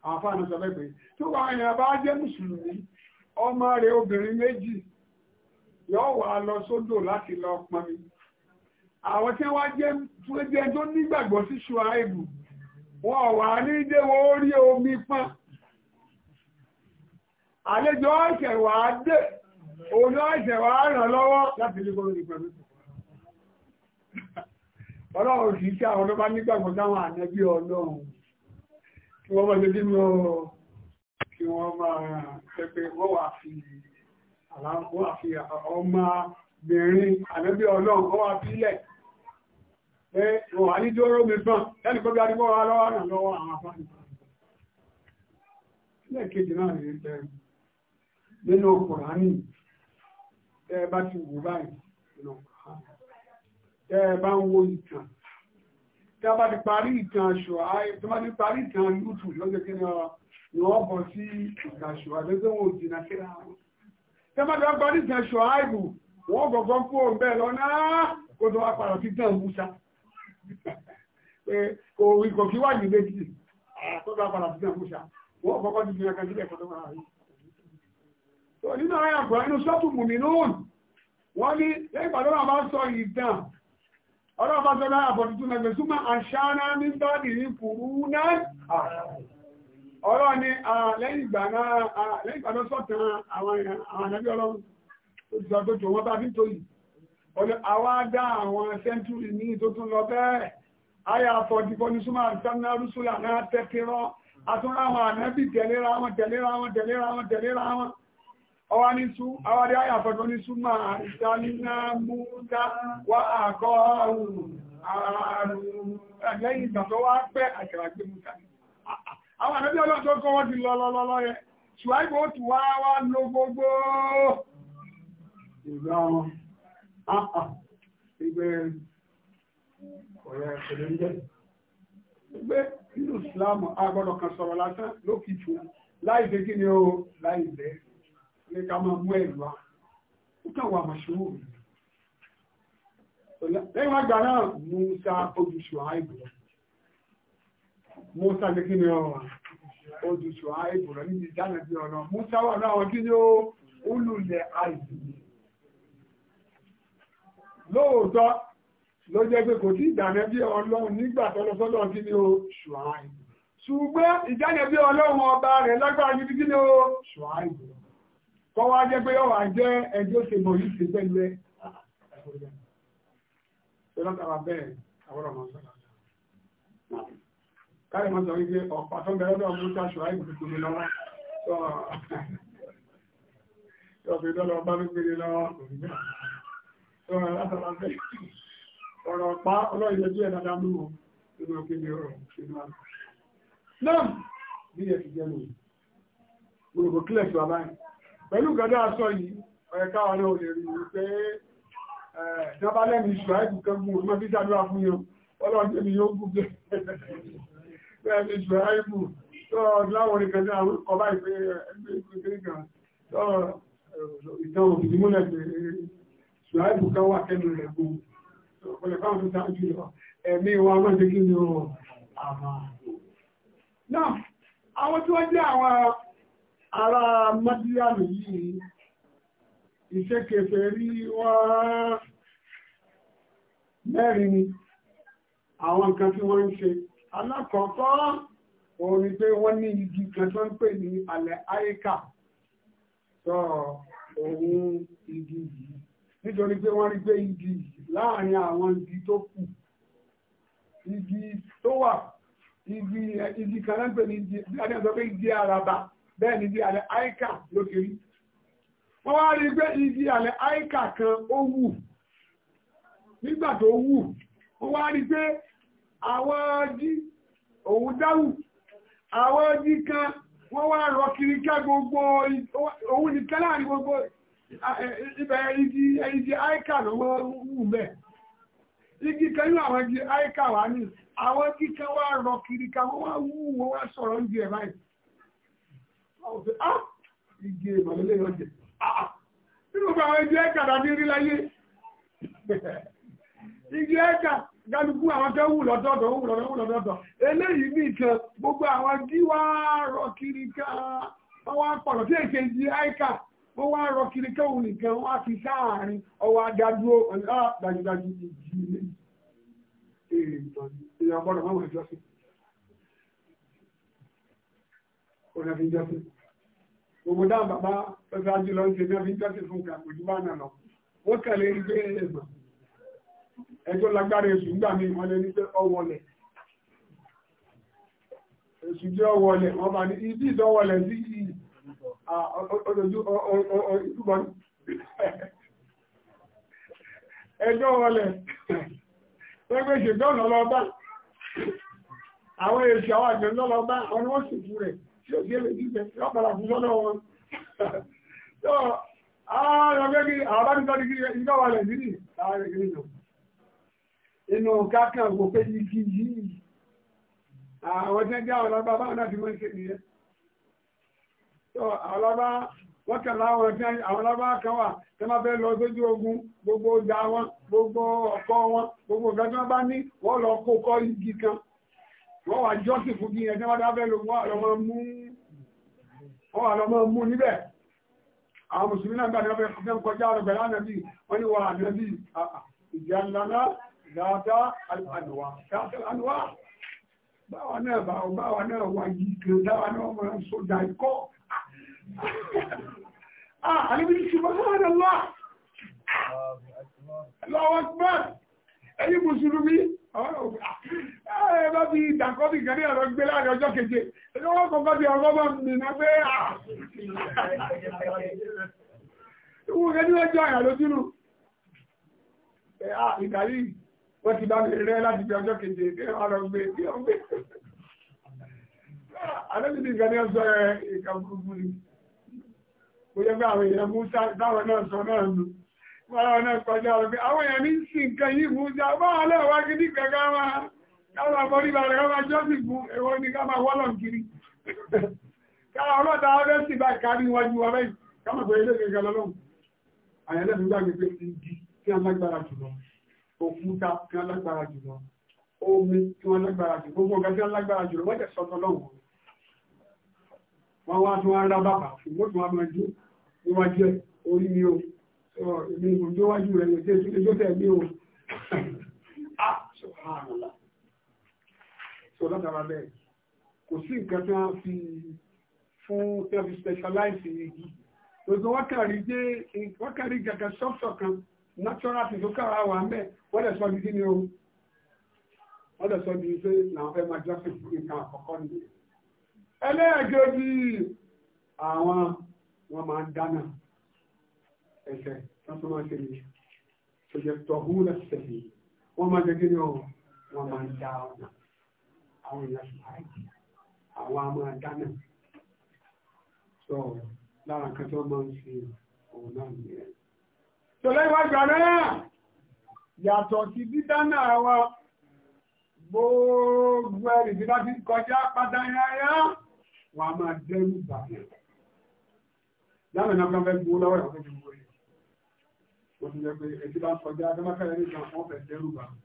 àwọn fáànù sọ bẹ́ẹ̀ pé tó bá àwọn èèyàn bá jẹ́ mùsùlùmí ọmọ rẹ̀ obìnrin méjì yóò wà lọ sódò láti lọ pọnmi àwọn tí wọ́n jẹ́ tó nígbàgbọ́ sí ṣùáìbù wọ́n wà ní déwọ́ orí omi pọ́n àlejò ọ̀ṣẹ̀ wà á dé òun ọ̀ṣẹ̀ wà á ràn lọ́wọ́ láti lè gbọ́rọ̀ ìpẹ̀lú ọlọ́run kìí sí àwọn ọlọ́pàá nígbàgbọ́ sáwọn ànẹ́bí ọlọ́run kí wọ́n máa ṣe bí mọ́ kí wọ́n máa pẹ́pẹ́ wọ́n wà fi yìí àwọn àfihàn ọmọ mìírin ànábí ọlọ́run ọwọ́ abílẹ̀ pé wọ́n wà ní dóró mi bọ́n lẹ́nu pé bí adúgbò wa lọ́wọ́ náà lọ́wọ́ àwọn afáàní ilé kejì náà rèé bẹ̀rù nínú Kùránì tẹ́ ẹ bá ti wù báyìí nínú Kùránì tẹ́ ẹ tí a bá ti parí ìtàn aṣọ ààyè tí a bá ti parí ìtàn lútù lọ́jọ́ kí ni wọ́n bọ̀ sí ìtàn aṣọ àdéhùn òjìnà kí tẹ́mọ́tò ọgbà nìkan ṣọ àìbù wọ́n gbọ̀gbọ́ kú òun bẹ́ẹ̀ lọ náà kó tó wá padà sí tán musa kò wí kò kí wà ní méjì ah, kó tó wá padà sí tán musa wọ́n kọ́kọ́ ti fi ẹ̀kan ní bá nìyí kùrú náà ah ọ̀rọ̀ ni lẹ́yìn ìgbà náà sọ̀tàn àwọn ànábí ọlọ́run tó ti sọ pé tò wọ́n bá fi ń tó yìí ọ̀lẹ́ àwa dá àwọn sẹ́ńtúrì ní tó tún lọ bẹ́ẹ̀ àyà àfọ̀dìbọ̀ ní súnmọ́ àtàmínà rúṣùlà náà tẹ́kẹ́rọ́ àtúnra àwọn ànábì tẹ̀léra wọn tẹ̀léra wọn tẹ̀léra wọn tẹ̀léra wọn ọwá ní sú àwa dé àyà àfọ̀dìbọ̀ ní súnmọ́ àtàmínà múta wà àkọ́ àrùn lẹ́yìn ìgbà tó wá pẹ́ àjàrà gbé múta ní àwọn ànábí ọlọ́tọ́ kọ́ wọ́n ti lọ lọ́lọ́lọ́ yẹ ṣùgbọ́n ó ti wá wá ló gbogbo ìgbà wọn ìgbẹ́ ọ̀rẹ́ ìṣẹ̀lẹ̀ ń jẹ́ ìgbẹ́ nínú ìsìláàmù agbọ́dọ̀ kan sọ̀rọ̀ lásán lókìtù láì dé kí ni ó láì bẹ́ ní ká máa mú ẹ̀rù wa ó kàn wà màṣúwò lẹ́yìn wá gbà náà mú sá ojúṣù àìbùrọ̀ Mọ́sá ní kí ni ọ̀rọ̀ ojúṣù àìbùrọ̀ níbi ìdáná bí ọ̀nà. Mọ́sá wà láwọn kí ni ó olùlẹ̀ àìsìnì. Lóòótọ́ ló jẹ́ pé kò tí ìdáná bí ọlọ́run nígbà tọ́lọ́sọ́lọ́ kí ni ó ṣùáì. Ṣùgbọ́n ìdáná bí ọlọ́run ọba rẹ̀ lágbára níbi kí ni ó ṣùáì. Kọ́ wá jẹ́ pé ọwà jẹ́ ẹjọ́ ṣe mọ̀ yìí ṣe pẹ̀lú ẹ. Ṣé látara bẹ́ẹ̀ àwọn ọmọ sọ́dọ̀ kárí mọ́ sọ wípé ọ̀pá tó bẹ̀rẹ̀ lọ́dọ̀ mú táṣù àìbùkù mi lọ́wọ́ tó fi lọ́lọ́ bá ló gbére lọ́wọ́ tó rẹ̀ látara bẹ́ ọ̀rọ̀ ọ̀pá ọlọ́yẹ díẹ̀ dáadáa mú wọn nínú òkèlè ọ̀rọ̀ sínú àná náà bí ẹ̀ ti jẹ́ lò gbogbo kílẹ̀ sí bàbá yìí pẹ̀lú gàdá aṣọ yìí ọ̀yẹ̀ káwọn náà lè rí i pé ìjọba lẹ́nu ìṣù àìbùkù kan gùn ọmọ bí sàdúrà fún bẹ́ẹ̀ ni ṣùgbọ́n tó láwọn oníkan ní àwọn ọba ìpé ẹgbẹ́ eh, ìtàn òfin múlẹ̀ pé ṣùgbọ́n kan wà kẹ́nu rẹ̀ gbogbo ọ̀pọ̀lẹ̀ fáwọn tó ṣáájú lọ ẹ̀mí wa máa ṣe kí ni ó àmà náà àwọn rí wọ́n mẹ́rin ni àwọn nǹkan tí wọ́n ń ṣe alákọ̀ọ́kọ́ orin pé wọ́n ní igi kan tó ń pè ní alẹ́ áríkà sọ òun igi yìí nítorí pé wọ́n rí pé igi yìí láàrin àwọn igi tó kù igi tó wà igi igi kan náà pè ní igi bí sọ pé igi àràbà bẹ́ẹ̀ ni igi alẹ́ áríkà lókè rí wọ́n wá rí pé igi alẹ́ áríkà kan ó wù nígbà tó wù wọ́n wá rí pé àwọn òun dáwù àwọn kan wọ́n wá rọ kiri ká gbogbo òun gbogbo ibẹ̀ igi aika ló wù mẹ́ igi kan nínú àwọn igi aika wà ní àwọn kan wá rọ kiri ká wọ́n wá wù wọ́n wá sọ̀rọ̀ ń báyìí ah, igi gálùkù àwọn tẹ́ wù lọ́dọ̀dọ̀ wù lọ́dọ̀ wù lọ́dọ̀dọ̀ eléyìí nìkan gbogbo àwọn gíwá rọ kiri ká wọ́n wá pọ̀lọ̀ tí èké di àìkà wọ́n wá rọ kiri ká òun nìkan wọ́n ah, ilé ẹjọ́ lágbára èṣù gbà mí wọ́n lè ní pé ọwọ́lẹ̀ èṣù jẹ́ ọwọ́lẹ̀ wọ́n bá ní ibi ìdọ́wọ́lẹ̀ sí ẹjọ́ ọwọ́lẹ̀ pẹ́gbẹ́ ìṣègbọ́n lọ́lọ́bá àwọn èṣù àwọn àgbẹ̀ lọ́lọ́bá wọn ni wọ́n sì fún rẹ̀ tí ó sí èlè jíjẹ lọ́pàá làkúnṣọ́nà wọn Àwọn ọ̀rọ̀ gẹ́gẹ́ àwọn bá ní sọ́dí kí ìjọba lẹ̀ sí ní ààrẹ ìrìnà inú kákan wò pé igi yìí àwọn jẹ́gẹ́ àwọn ọlọ́gbà báwọn náà fi mọ́ ṣe nìyẹn tó ọlọ́gbà wọ́n kàn láwọn ẹ̀fẹ́ àwọn ọlọ́gbà kan wà tẹ́ máa fẹ́ lọ sójú ogun gbogbo ọjà wọn gbogbo ọkọ wọn gbogbo ọ̀gá tí wọ́n bá ní wọ́n lọ kó kọ́ igi kan wọ́n wà jọ́sìn fún igi yẹn tí wọ́n bá fẹ́ lọ wọ́n wà lọ mọ́ mú níbẹ̀ àwọn mùsùlùmí náà gbà ní wọ́n fẹ́ kọjá ọ̀rọ̀ pẹ̀lú ànàbí wọ́n ní wà ànàbí ìjà ńlá náà dáadáa àlùwà dáadáa àlùwà báwa náà báwa báwa náà wà yìí kìlọ̀ dáwà náà máa ń so dàíkọ́ ah alibidi ah, subahana allah lọ́wọ́ gbọ́ ẹ̀yí mùsùlùmí ah, ẹ bá fi ìdàkọ́ bí ìkàdé ọ̀rọ̀ gbé láàrin ọjọ́ keje lọ́wọ́ kọ̀ọ̀kan bí ọgbọ́n bá mi náà pé à ah. ìwọ̀n kẹ́ni lọ́jọ́ àyà lójúlù ìdàrí wọ́n ti bá mi rẹ́ láti fi ọjọ́ keje kí wọ́n lọ gbé kí wọ́n gbé. Adébísí nǹkan ní ọ̀sọ́ ẹ̀ ìka gbogbo ni. Mo jẹ́ pé àwọn èèyàn Musa táwọn náà sọ náà nù. Wọ́n láwọn náà kọjá rẹ̀ pé àwọn èèyàn ní sí nǹkan yìí Musa báwọn náà wá gidi kankan wá. Káwọn àbọ̀rí balẹ̀ ká máa jọ́sìn fún èwo ni ká máa wọ́lọ̀ kiri. Káwọn ọlọ́ta ọdẹ sì bá kárí wájú wa bẹ́ẹ̀ ká máa ilé kankan lọ́lọ́run. Àyẹ̀lẹ́ mi gbàgbé pé ìdí tí a òkúta kí wọ́n lágbára jùlọ omi kí wọ́n lágbára jù gbogbo ọ̀gá kí wọ́n lágbára jùlọ wọ́n jẹ́ sọ́tọ̀ lọ́wọ́ wọ́n wá tí wọ́n rá bàbà ṣùgbọ́n tí wọ́n máa jó níwájú ẹ̀ orí mi o èmi ìrùjọ́ wájú rẹ̀ lè tẹ́ ẹjọ́ tẹ̀ mí o so ah, látara bẹ́ẹ̀ kò sí nǹkan tí wọ́n fi fún tẹ́fi specialize igi gbogbo wákàrí gẹ́gẹ́ sọ́fọ̀ kan natural thing tó kára wà ń bẹ̀ wọ́n lè sọ di kí ni o wọ́n lè sọ di pé làwọn fẹ́ máa jọ́sìn fún nǹkan àkọ́kọ́ nìyẹn. ẹlẹ́ẹ̀kejì àwọn wọn máa ń dáná ẹsẹ̀ tó tó máa ń ṣe nìyẹn tó jẹ́ tọ̀húrẹ́ sẹ̀lẹ̀ wọ́n máa jẹ́ kí o wọ́n máa ń dá ọ̀nà àwọn èèyàn sì máa ń jẹ àwọn a máa sọ lára nǹkan tí wọ́n máa ń ṣe òun náà nìyẹn tọ́lá ìwájú náà yàtọ̀ sí dídánà wa gbogbo ẹ̀rì tí bá ti kọjá pátá yáyá wà máa dẹ́rù bàbẹ̀. Láàrín náà kan fẹ́ gbó lọ́wọ́ ìwọ̀n tó ti wọ yìí. Ó ti jẹ́ pé ètí bá kọjá Adọ́mọ́fẹ́lẹ́ ní ìjọba wọ́n fẹ́ dẹ́rù bàbẹ̀.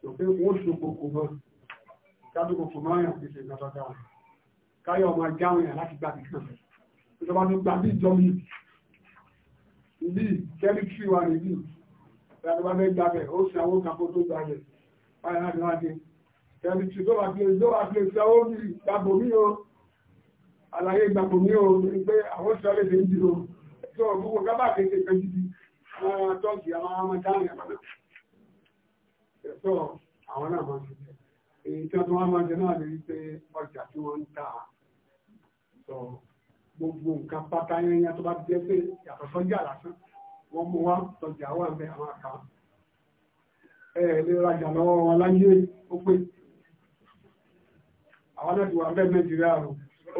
Sọ pé wọ́n so kòkò mọ́. Kájú kòkò máa yàn fi ṣe ìjọba dáwọn. Káyọ̀ máa jáwọn yàn láti gbà ìlú kẹ́mítírì wà nìyí ìgbàlúwà fẹ́ gbàbẹ̀ ó sì àwọn kan tó gbàbẹ̀ báyìí láti láti kẹ́mítírì tó bá fi lè lọ́wọ́ fi lè àwọn omi gbàgbọ́ mí o àlàyé gbàgbọ́ mí o pé àwọn sọ lè ń dìrò tó gbogbo gábà kéde kan jíjí àwọn ará tọ́ọ̀kì àwọn ará mọ́tàlì àbànà ẹ̀tọ́ àwọn náà máa ń ṣe èyí tí wọ́n máa jẹ náà lè rí pé ọjà tí wọ́n ń ta gbogbo nǹkan pátá yẹnyẹn tó bá jẹ́ pé yàtọ̀ sọ́jà lásán wọ́n mú wá tọjà wà ń bẹ àwọn àká ẹ lè rajà lọ́wọ́ wọn láyé ó pé àwọn náà ti wà bẹ́ẹ̀ nàìjíríà rò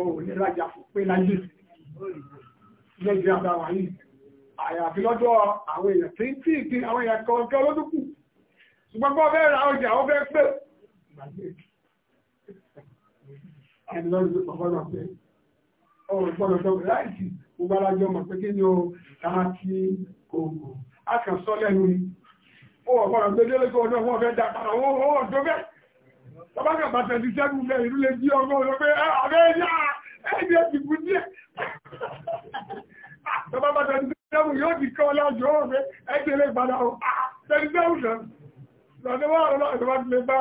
ó lè rajà pé láyé nàìjíríà bá wà yìí àyàfi lọ́jọ́ àwọn èèyàn tí tí ìdí àwọn èèyàn kan kí ọlọ́dún kù ṣùgbọ́n bọ́ bẹ́ẹ̀ ra ọjà ó bẹ́ẹ̀ pé ẹni lọ́dún tó kọ́kọ́ náà ọ̀gbọ́dọ̀ dọ̀gbẹ̀ láìsí gbogbo alájọ mọ̀ pé kí ni o kára kí kòkò a kàn sọ lẹ́nu ni ó ọ̀gbọ́dọ̀ gbé délé kó ọdún ọgbọ́n fẹ́ dá padà wọ́n ó ọ̀dọ́ bẹ́ẹ̀ bàbá kan bàtẹ̀ ti sẹ́gun bẹ́ẹ̀ ìlú lè jí ọgbọ́n lọ pé àbẹ́ ẹ̀yà ẹ̀yà ti kú díẹ̀ ah, bàbá bàtẹ̀ ti sẹ́gun yóò ti kọ́ lájọ ó pé ẹ̀jẹ̀ lè padà ó tẹ̀síṣẹ́gun náà lọ́dọ̀ wà lọ́dọ̀ wà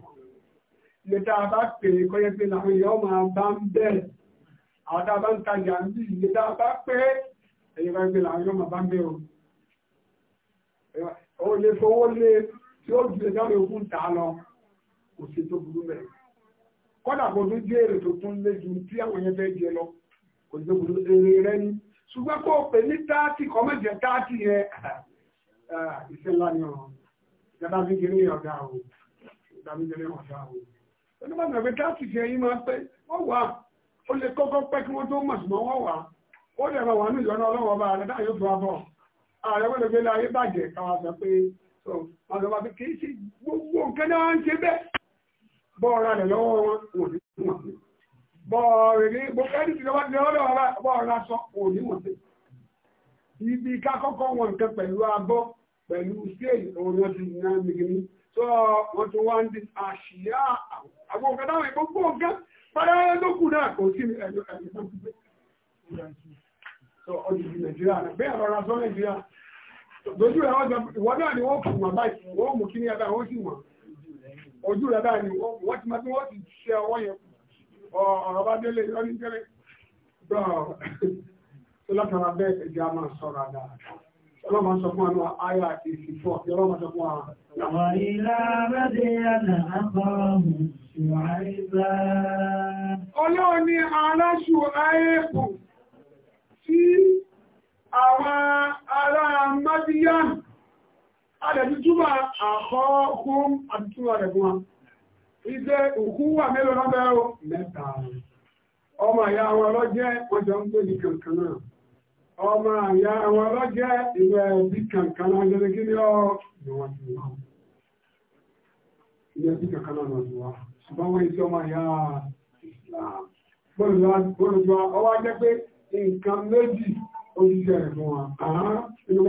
lè tá a bá pè é kọ́yẹ́ pé làwọn èèyàn máa bá ń bẹ̀rẹ̀ àwọn tá a bá ń tajà ń bì lè tá a bá pé ẹ̀yìn bá ń pè làwọn èèyàn máa bá ń bẹ̀rẹ̀ o. o lè fowó lé tí ó ju ẹ̀dáwó ikú ń tà á lọ kò sí tó burú mẹ́rin. kọ́dà kò tún jẹ́ èrè tó tún lé ju tí àwọn yẹn fẹ́ jẹ lọ kò sí tó burú èrè rẹ ni ṣùgbọ́n kó o pè ní táàtì kọ́mẹ́jẹ táàtì yẹn ìṣẹ́ ah, ńlá ni ọ̀rọ̀ ìjọba fi kiri ọ̀gá o ìjọba fi kiri ọ̀gá o onímọ̀tò pé táàtì ti ẹyin máa pẹ́ wọ́n wà ó lè kọ́kọ́ pẹ́ kí wọ́n tó mọ̀ sùmọ́ wọ́n wà ó lè máa wà ní ìyọ́nà ọlọ́wọ́ bá rẹ̀ táyọ̀ tó wá bọ̀ ààrẹ wọ́n lè gbé láyé bàjẹ́ káwá sọ pé so wọ́n sọ pé kì í ṣe gbogbo nǹkan náà ń ṣe bẹ́ẹ̀ bọ́ ọ̀rá rẹ̀ lọ́wọ́ wọn wò ní wọ̀n sí bọ́ ọ̀rẹ́ ní bọ́kẹ́rì tí wọ́n ti lọ́wọ́ bọ́ ọ̀rá sọ wò ní wọ̀n sí ibi ká kọ́kọ́ wọn nǹkan wọ́n ti so wọ́n tún wá ń di àṣìyá àwọn ọ̀gá táwọn ìbò gbọ́ ọ̀gá padà lókù náà kò sí ẹ̀lú ẹ̀lú tó gbé so ọdún ìlú nàìjíríà náà bẹ́ẹ̀ lọ́ra sọ nàìjíríà lójú rẹ̀ wọ́n jọ ìwọ́n náà ni wọ́n kù wọ́n báyìí wọ́n mú kí ní ẹ̀dá wọ́n sì wọ́n ojú rẹ̀ dáa ni wọ́n ti máa bí wọ́n ti ṣe ọwọ́ yẹn ọ̀rọ̀ bá délé lọ́ní tẹ́lẹ̀ ọlọ́mọ sọ fún àwọn ayá àti ìfìfọ́ ọlọ́mọ sọ fún àwọn ọlọ́wọ́ ni aláṣù ayébù tí àwọn ará mádíyàn adẹ̀tútúbà àkọ́kún àtútúbà rẹ̀ fún wa ìṣẹ́ òkú wà mélòó lọ́bẹ̀ẹ́ mẹ́ta ọmọ ìyá wọn lọ ọjọ́ ń pè ní kankan náà ọmọ àyà àwọn ọlọ́jẹ́ ìwẹ̀ ẹ̀bí kankan lájẹ́lẹ́ kí ní ọ́ ìwọ̀n ti wà ní ẹbí kankan náà lọ́dún wa ṣùgbọ́n wọ́n iṣẹ́ ọmọ àyà bọ́lùgbà ọwọ́ jẹ́ pé nǹkan méjì oṣiṣẹ́ rẹ̀ fún wa àá inú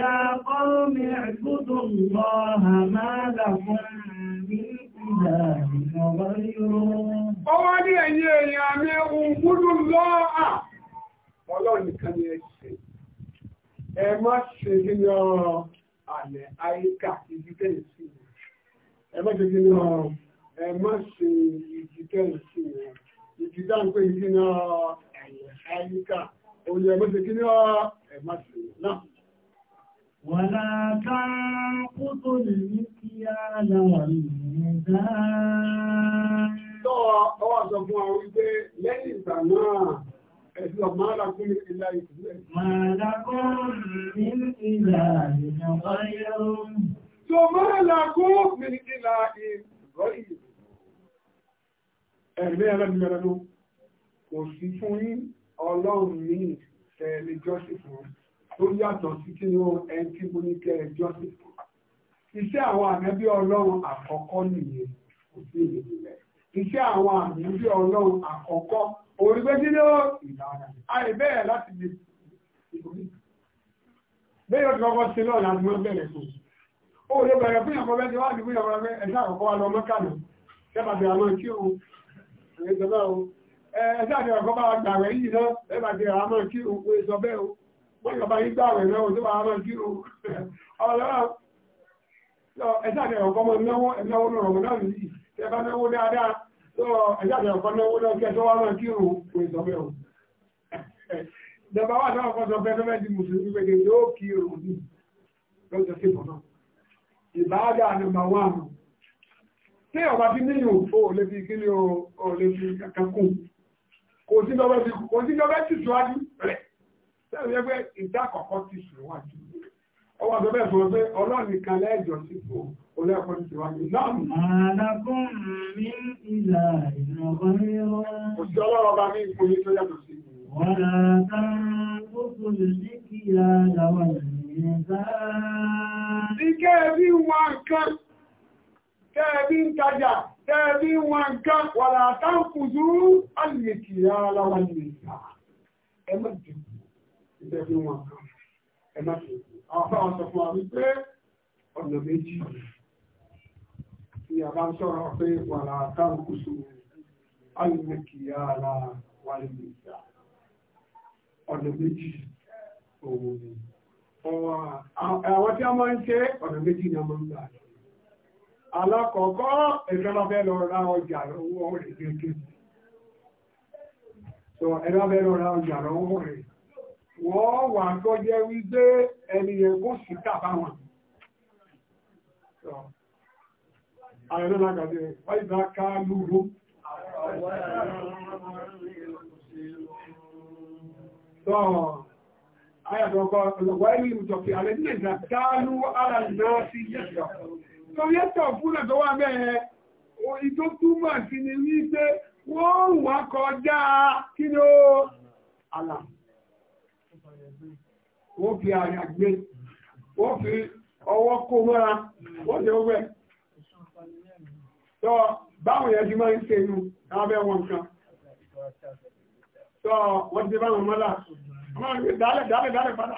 ya kọ́ mi ọlọ́run nìkan ni ẹ ṣe ẹ má ṣe kí ni ọ̀rọ̀ àlẹ́ àyíká ibi tẹ̀yìn sí ẹ má ṣe kí ni ọ̀rọ̀ ẹ má ṣe ibi tẹ̀yìn sí i ń pè ní ọ̀rọ̀ àlẹ́ àyíká òun yẹ bó ṣe kí ni ọ̀rọ̀ ẹ má ṣe náà. Wàlá káàkútó lè ní kí á láwà lòmìnira. Tọ́ ọ wà sọ fún ọ wípé lẹ́yìn ìgbà náà ẹ̀sùn ọ̀gbọ́n alákún ní ilá ìpínlẹ̀. Màlákún ní ilá ìrọ̀lẹ́rùn. Tó màlákún ní ilá ìrọ̀lẹ́rùn. Ẹ̀mí ẹlẹ́mìírànú, kò sí fún yín ọlọ́run ní ẹ̀lẹ́ jọ́sìfù tó yàtọ̀ sí kí ó ẹn tí mo ní kẹ́ jọ́sìfù. Iṣẹ́ àwọn ànábí ọlọ́run àkọ́kọ́ nìyẹn, kò sí ìrẹ̀lẹ̀. Iṣẹ́ àwọn ànábí ọlọ́run àkọ́kọ́ òrìgbẹ́gídé àìbẹ́ẹ̀ láti lè bẹ́yọ̀ tí ọkọ̀ sí lọ́nà àti wọ́n bẹ̀rẹ̀ fún ó lè bẹ̀rẹ̀ fún ìyàwó bẹ́ẹ̀ tí wọ́n dìbò ìyàwó rẹ̀ ẹ̀sà àkọ́kọ́ wa lọ mọ́kànlá tẹ́bà bẹ̀rẹ̀ àmọ́ kí o ẹ̀sà àti ọkọ̀ bá gbà rẹ̀ yìí lọ tẹ́bà bẹ̀rẹ̀ àmọ́ kí o sọ bẹ́ẹ̀ o wọ́n yọba yí gbà rẹ̀ náà tó bá àmọ́ kí o ọlọ́rọ̀ ẹ̀sà àti ọkọ̀ mọ́ náwó náà tó ẹjá àti ọ̀kan náà wọ́n kẹ́ tó wá náà kírù kò ìsọ̀bẹ̀ o dẹ̀bàwà náà kọ́ sọ pé fẹ́fẹ́ di mùsùlùmí pé yóò kírù ní lọ́jọ́ sí ìbọn náà ìbáàdà nọ́mbà wà nù tí ọba ti ní ìhùn ó lè fi kí ni ó lè fi kankan kù kò sí lọ́wọ́ ti kò sí lọ́wọ́ ti síwájú rẹ̀ sẹ́yìn wípé ìdá àkọ́kọ́ ti síwájú ọwọ́ àbẹ̀bẹ̀ sọ pé ọlọ́ọ̀nì kan lẹ́ẹ̀jọ́ sí fún olóòkùnrin ti wá ní láàmù. Àlàkùn mi ìlà ìrìnà ọ̀rẹ́rọ̀. Òṣìṣẹ́ ọlọ́rọ̀ bá ní ìfòyí tó yàtọ̀ sí. Wọ́n á tán gbogbo lè ní kí a láwà ìrìnà sáà. Bí kẹ́ẹ̀bí wọn kan, kẹ́ẹ̀bí ń tajà, kẹ́ẹ̀bí wọn kan, wà látán kùzú, á lè kí a láwà ìrìnà sáà. Ẹ má jù, ìjẹ́bí wọn kan, ẹ má jù. Àwọn afẹ́ àwọn sọ fún wa wípé ọ̀nà méjì tí a bá ń sọ̀rọ̀ pé wàrà táǹkùsù alùmẹ́kìyà ara wà lè gbà ọ̀nà méjì òun ni àwọn tí a máa ń ṣe ọ̀nà méjì ni a máa ń gbà alákọ̀ọ́kọ́ ẹ̀rọ̀lọ́fẹ́ lọ ra ọjà lọ́wọ́ rẹ̀ gẹ́gẹ́ so ẹ̀rọ̀lọ́fẹ́ lọ ra ọjà lọ́wọ́ rẹ̀ wọ́n wà tó jẹ́ wípé ẹni yẹn kó sí tàbáwọn ààrẹ́lẹ́lágàdé wáyìdá ká lúrú Torí ẹ̀tọ̀ fúnlẹ̀ tó wà mẹ́rẹ, ìtó túmọ̀ sí ni wí pé wọ́n wà Wọ́n fi wọ́n fi ọwọ́ kó mọ́ra, wọ́n jẹ́ ọgbẹ́. so báwọn yẹn ti máa ń ṣe inú àwọn abẹ́ wọn kan so wọ́n ti báwọn mọ́lá ọmọ rẹ̀ dálẹ̀ dálẹ̀ dálẹ̀ padà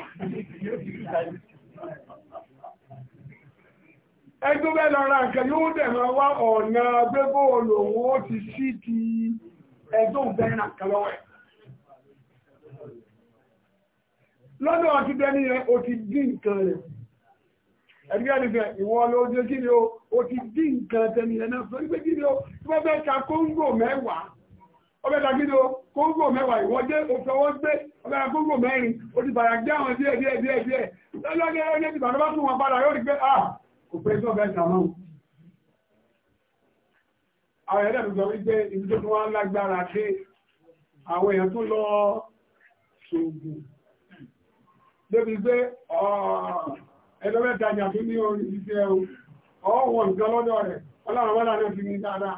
ẹgbẹ́ bẹ́ẹ̀ lọ́ra nǹkan yóò dẹ̀ máa wá ọ̀nà gbégbó lòun ó ti sí ti ẹjọ́ ìbẹ̀rẹ̀ náà kan lọ́wọ́ ẹ̀ lọ́dọ̀ ọtí bẹ́ẹ̀ ni o ti dín nǹkan rẹ̀ ẹ̀ríkà nìkan ìwọ lóde kí ni o ti dín nǹkan tẹniyẹn náà sọ wípé kí ni o tí wọ́n fẹ́ ta kóńgò mẹ́wàá ọbẹ̀ ta kí ni o kóńgò mẹ́wàá ìwọ dé òfẹ́wọ́ gbé ọbẹ̀ ta kóńgò mẹ́rin o ti bàrà gbé àwọn díẹ̀ díẹ̀ díẹ̀ díẹ̀ lọ́jọ́ ẹgbẹ́ ti bàrà bá tún wọn padà yóò rí pé ah kò pé sí ọbẹ̀ ìtàn náà àwọn ẹ̀rẹ́ mi sọ wípé ibi tó wá lágbára dé àwọn èèyàn tó lọ ṣògùn débi pé ọ̀ọ́ ah, ẹlọ́wẹ́ tajà tó ní orí ọwọ́ nǹkan lọ́dọ̀ rẹ̀ ọlọ́run wọ́n lánàá fi ní dáadáa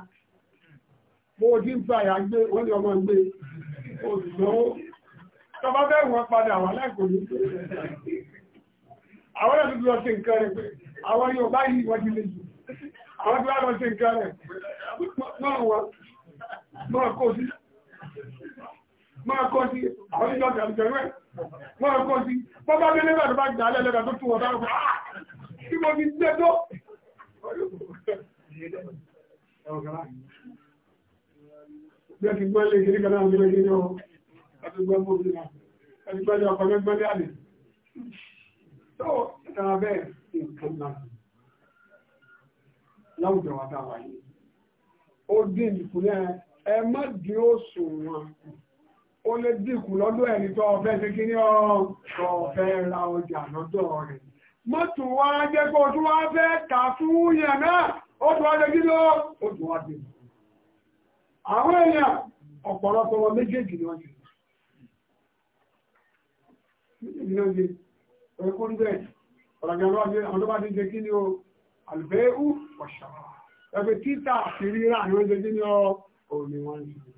bó o ti ń fa gbé wọ́n ọmọ gbé òṣìṣẹ́ tọba bẹ́ẹ̀ wọ́n padà wà lẹ́kọ̀ọ́ ní àwọn ẹ̀dùn lọ sí nǹkan rẹ̀ àwọn yóò bá yí wọ́n ti lè jù àwọn tó lọ sí nǹkan rẹ̀ máa máa kó sí àwọn Wọ́n kọ́ sí, bọ́ bá délé bàtà bá gbà lẹ́lẹ́dà tó tún ọ̀dá ọ̀pá. Ah, kí mo fi dé tó? Bí ẹ̀kì gbọ́ lè kiri kanáà ní lẹ́gbẹ̀ẹ́ yọ, àti gbọ́ mọ́ bí náà, àti gbọ́ lè ọkọ̀ mẹ́gbẹ́ lé àlè. Tó ìtara bẹ́ẹ̀ nǹkan náà. Láwùjọ wa táwa yìí. Ó dín ìkúnlẹ̀ ẹ má dín ó sùn wọn ó lè dínkù lọ́dọ̀ ẹni tó ọ̀fẹ́ ṣe kí ní ọ̀fẹ́ ra ọjà lọ́dọ̀ rẹ̀ mọ́tò wá jẹ́ kó tó wá fẹ́ kà fún yẹn náà ó tó wá jẹ́ kí ló ó tó wá dé àwọn èèyàn ọ̀pọ̀lọpọ̀ wọn méjèèjì ni wọ́n ti méjèèjì náà ṣe ẹ̀kọ́ ń bẹ̀ ọ̀làgbẹ̀rún àwọn kí ni ó àlùbẹ́ẹ́hù ọ̀ṣà ẹgbẹ́ títà àti rírà ni wọ́n ṣe kí ni ó òun ni wọ́n ń ṣe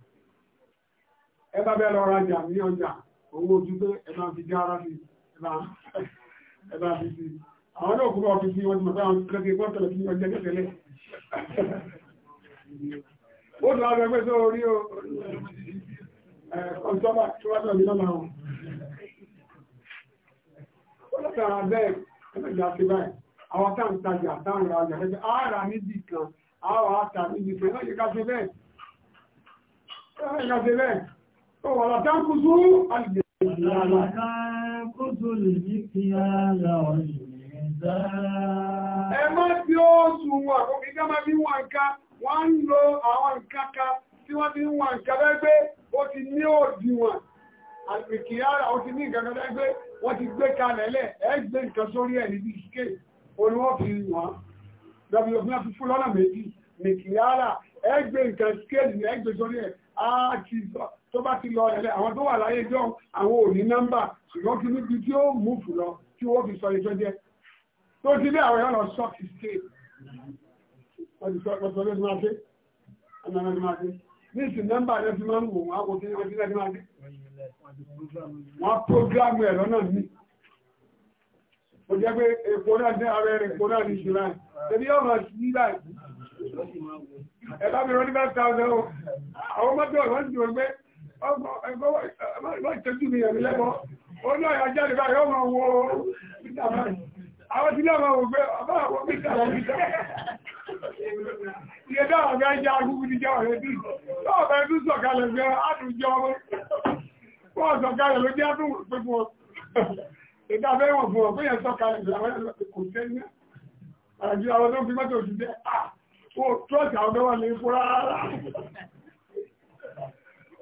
ẹ bá bẹ́ẹ̀ lọ rajà ní ọjà owó ojú pé ẹ máa fi já ara sí ẹ bá fi sí àwọn náà kúrò ọ̀fi sí wọn ti mọ̀ pé àwọn kẹ́kẹ́ pọ́ tẹ̀lẹ̀ sí ọjọ́ tẹ̀lẹ̀ ó tún àwọn ẹgbẹ́ sórí o ọ̀sọ́bà tí wọ́n tẹ̀lé lọ́la wọn ó lọ́tara bẹ́ẹ̀ ẹgbẹ́jà sí báyìí àwọn táà ń tajà táà ń ra ọjà lẹ́gbẹ́ ara kan ṣe bẹ́ẹ̀ ولا تنقصوا المكيال تنقصوا المكيال والميزان ẹ má bí ó sùn wọn kò kí ká máa bí wọn nǹkan wọ́n ń lo àwọn nǹkan kan tí wọ́n ti ń wọn nǹkan lẹ́gbẹ́ ó ti ní òdiwọ̀n àpìkìyàrá ó ti ní nǹkan kan lẹ́gbẹ́ wọ́n ti gbé kalẹ̀ lẹ̀ ẹ gbé nǹkan sórí ẹ̀ níbi ìṣíkè olúwọ́ fi wọ́n lọ́bí òfin àti fún lọ́nà méjì nìkìyàrá ẹ gbé nǹkan skéèlì ẹ gbé sórí ẹ̀ á ti sọ tó bá ti lọ ẹ̀lẹ́ àwọn tó wà láyé jọ àwọn ò ní nọ́mbà ṣùgbọ́n kí níbi tí ó mú fù lọ tí wọ́n fi sọ ẹjọ́ jẹ́ tó ti dé àwọn ẹ̀rọ ṣọ́ọ̀kì state ọ̀dùsọ̀rọ̀ ló ti máa dé ọ̀nà ló ti máa dé ní ìsìn nọ́mbà ló ti máa ń wò wọ́n á kò tí wọ́n ti máa dé wọ́n prógrámù ẹ̀rọ náà ní ó jẹ́ pé èpo náà jẹ́ ara ẹ̀rẹ̀ èpo náà ní ìṣúra ẹ̀bí ọ̀nà sí láì ẹ̀bá mi rọ́ ní 5,000 àwọn mọ́tò ọ̀rọ̀ ti wọ́n gbé ọgbọ́n ìtọ́jú mi ẹ̀mí lẹ́gbọ́n ó náà yà jáde báyìí ọmọ wo mítà báyìí àwọn tí náà wọ́n gbé ọba àwọn mítà wọ́n mítà iye dáwọ̀ a jẹ́ agúgú ti jẹ́ ọ̀rẹ́ bí náà bẹ́ẹ̀ tún sọ̀kalẹ̀ gbé àtúnjọ ọmọ wọ́n sọ̀kalẹ̀ ló jẹ́ àtúnwò pé fún ọ ìdá bẹ́ẹ̀ wọ̀n fún ọ pé yẹn sọ̀kalẹ̀ làwọn ẹ̀ kò tẹ́ ní àjọ àwọn tó fi mọ́tò ah ó tọ́ọ̀tì àwọn bẹ́ẹ̀ wà ní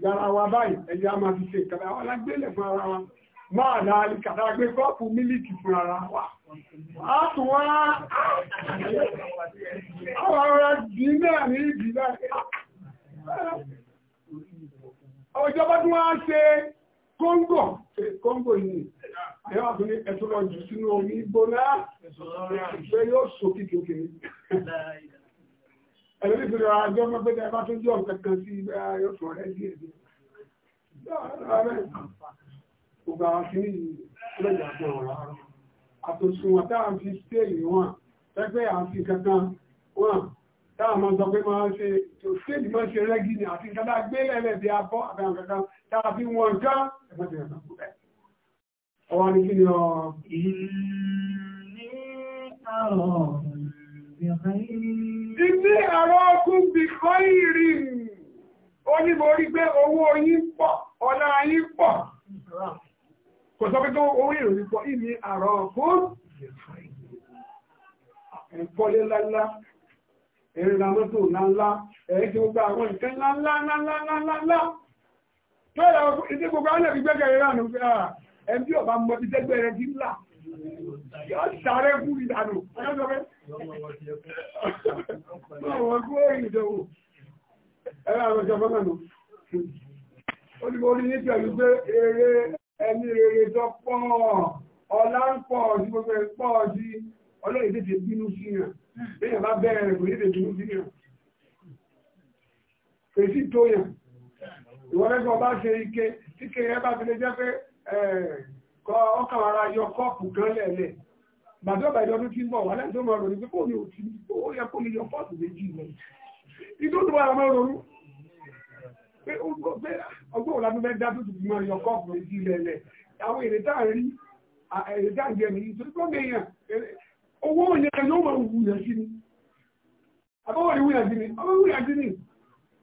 lára wa báyìí ẹ̀yà máa fi ṣe ìkàrà wa lágbélẹ̀ fún ara wa máa láàrí kàtàrà gbé kọ́ọ̀pù mílìkì fún ara wa a tún wá àwọn ará dì náà ní ìdí báyìí ọjọ́ bá tún wá ṣe kóńgò kóńgò yìí ẹwà tún ní ẹ̀tún lọ jù sínú omi gbóná pé yóò sókè ẹ̀lẹ́bí fi rọra jọ mọ́ pé ẹbá tó jọ kankan sí ayọ́ fún ọ̀rẹ́ sí èdè ọ̀rọ̀ àárọ̀ àtòsùnwọ̀n àti kankan wọn táà rẹ̀ Ìní àwọn ọkùn bí kọ́ ìrì ó ní mo rí pé owó yín pọ̀, ọ̀nà yín pọ̀. Kò sọ pé tó owó ìròyìn pọ̀, ìní àrọ̀ ọkùn ẹ̀kọ́lé lálá, ẹ̀rìnàmọ́tò lálá, ẹ̀ẹ́kì gbogbo àwọn ìkẹ́ lálá Tọ́lá ìdí gbogbo àwọn ẹ̀rí gbẹ́gẹ̀rẹ̀ ránù fẹ́ àà ẹ̀mí ọ̀bá mọ́ ti tẹ́gbẹ̀rẹ̀ dínlá. Yọ́ sàárẹ́ fún ìdànù. Àwọn kú ẹ̀yìn ìdẹ̀wò. Ẹ̀rọ àwọn ìjọba náà nù. Ó ní mo rí ní pẹ̀lú pé eré ẹni rere tó pọ̀ ọlá ń pọ̀ sí gbogbo ẹ̀ pọ̀ sí ọlọ́yìn tètè bínú sí yàn. Béèyàn bá bẹ̀rẹ̀ kò ní tètè bínú sí yàn. Fèsì tó yàn. Ìwọ́lẹ́gbọ̀n bá ṣe ike, kíkẹ́ yẹn bá fi lè jẹ́ pé ọkàn ara yọ kọ́ọ̀pù kan lẹ̀lẹ̀. bàbá ọba ìdọ́dún tí ń bọ̀ wà láti tó máa ròyìn pé kò ní òtí ó yẹ kó ní yọ pọ́ọ̀tù méjì lọ ìdó tó wà pé ọgbọ́n òun dá tó tùtù yọ méjì àwọn èrè tá à ń rí èrè tá à ń jẹ tó tó owó máa wù sí ni ni sí ni ọmọ sí ni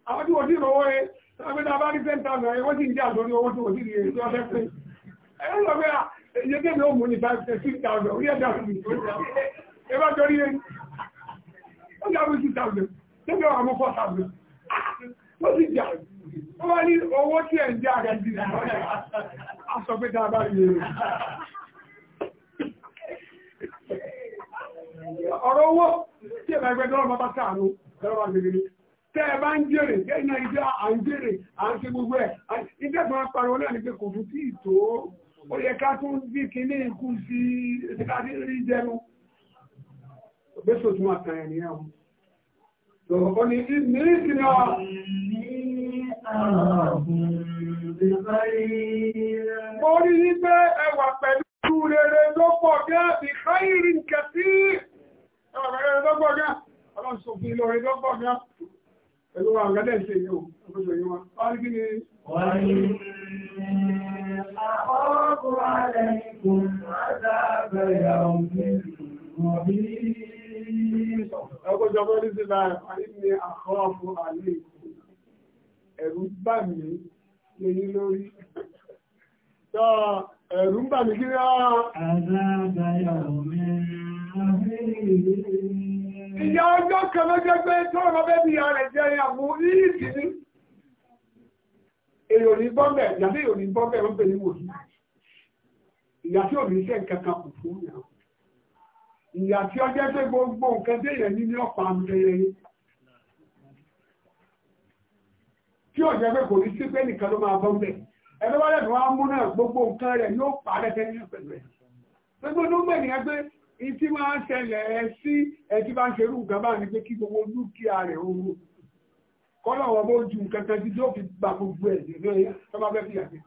àwọn tí wọ́n rọwọ́ rẹ bá rí wọ́n iye tẹ́mi ó mú ní five ten six thousand orí ẹ̀dá fún mi ẹ bá torí ẹ ó dá fún six thousand tẹ́mi ó wà mú four thousand ó sì jà ó wá ní owó tí ẹ̀ ń jẹ́ àrẹ jù á sọ pé tá a bá yẹ ọ̀rọ̀ owó tí ẹ̀ bá ẹgbẹ́ dọ́rọ̀ bá bá sáà ló dọ́rọ̀ bá gbẹgbẹ́ tẹ́ ẹ bá ń jèrè kẹ́yìn náà ìdí à ń jèrè à ń ṣe gbogbo ẹ̀ ìdẹ́gbọ̀n apariwo náà ni pé kò tún sí ìtòó ó yẹ ká tún bí kìíní ikú sí ìsìnkàdí rí jẹnu ògbésò tún àtàn ẹ̀rí ẹ̀hún tó ó ní ní ìsìnkà mo rí ní pé ẹwà pẹ̀lú rere ló pọ̀ gẹ́ bí káyìrì kẹsí ẹwà pẹ̀lú rere ló pọ̀ gẹ́ ọlọ́run sọ̀fin lórí ló pọ̀ ni pẹ̀lú ni ọ̀gá dẹ̀ ṣe yóò ọgbẹ́sọ̀ yóò wá. أخاف عليكم عذاب يوم مبين أقول جمال الزمان فإني أخاف عليكم ẹ̀rù ń bà mí lẹ́yìn ìyá ọjọ́ kan lọ́jọ́ pé tó bẹ́bí ara jẹ́ ìyàwó ní èrò ní bọ́m̀bẹ̀ ìyàtí èrò ní bọ́m̀bẹ̀ wọ́n pè ní wòlí ìyàtí òní iṣẹ́ nǹkan kan kò fún yàn ìyàtí ọjọ́ pé gbogbo nǹkan déyẹ̀ ní ní ọ̀pá àmìlẹ̀ tí ó jẹ́ pé kò ní sí pé nìkan ló máa bọ́m̀bẹ̀ ẹgbẹ́ wọ́n lẹ́nu wọn mú náà gbogbo nǹkan rẹ̀ yóò pa rẹ̀ gbogbo ló mọ̀ ní ẹgbẹ́ ìtí máa ń ṣẹlẹ̀ sí ẹ̀ tí bá ń ṣerú gbogbo kọ́lọ̀ wọn bó ju nǹkan kan tí tó fi gba gbogbo ẹ̀ dèrè ẹ̀ tó bá fẹ́ fi àti.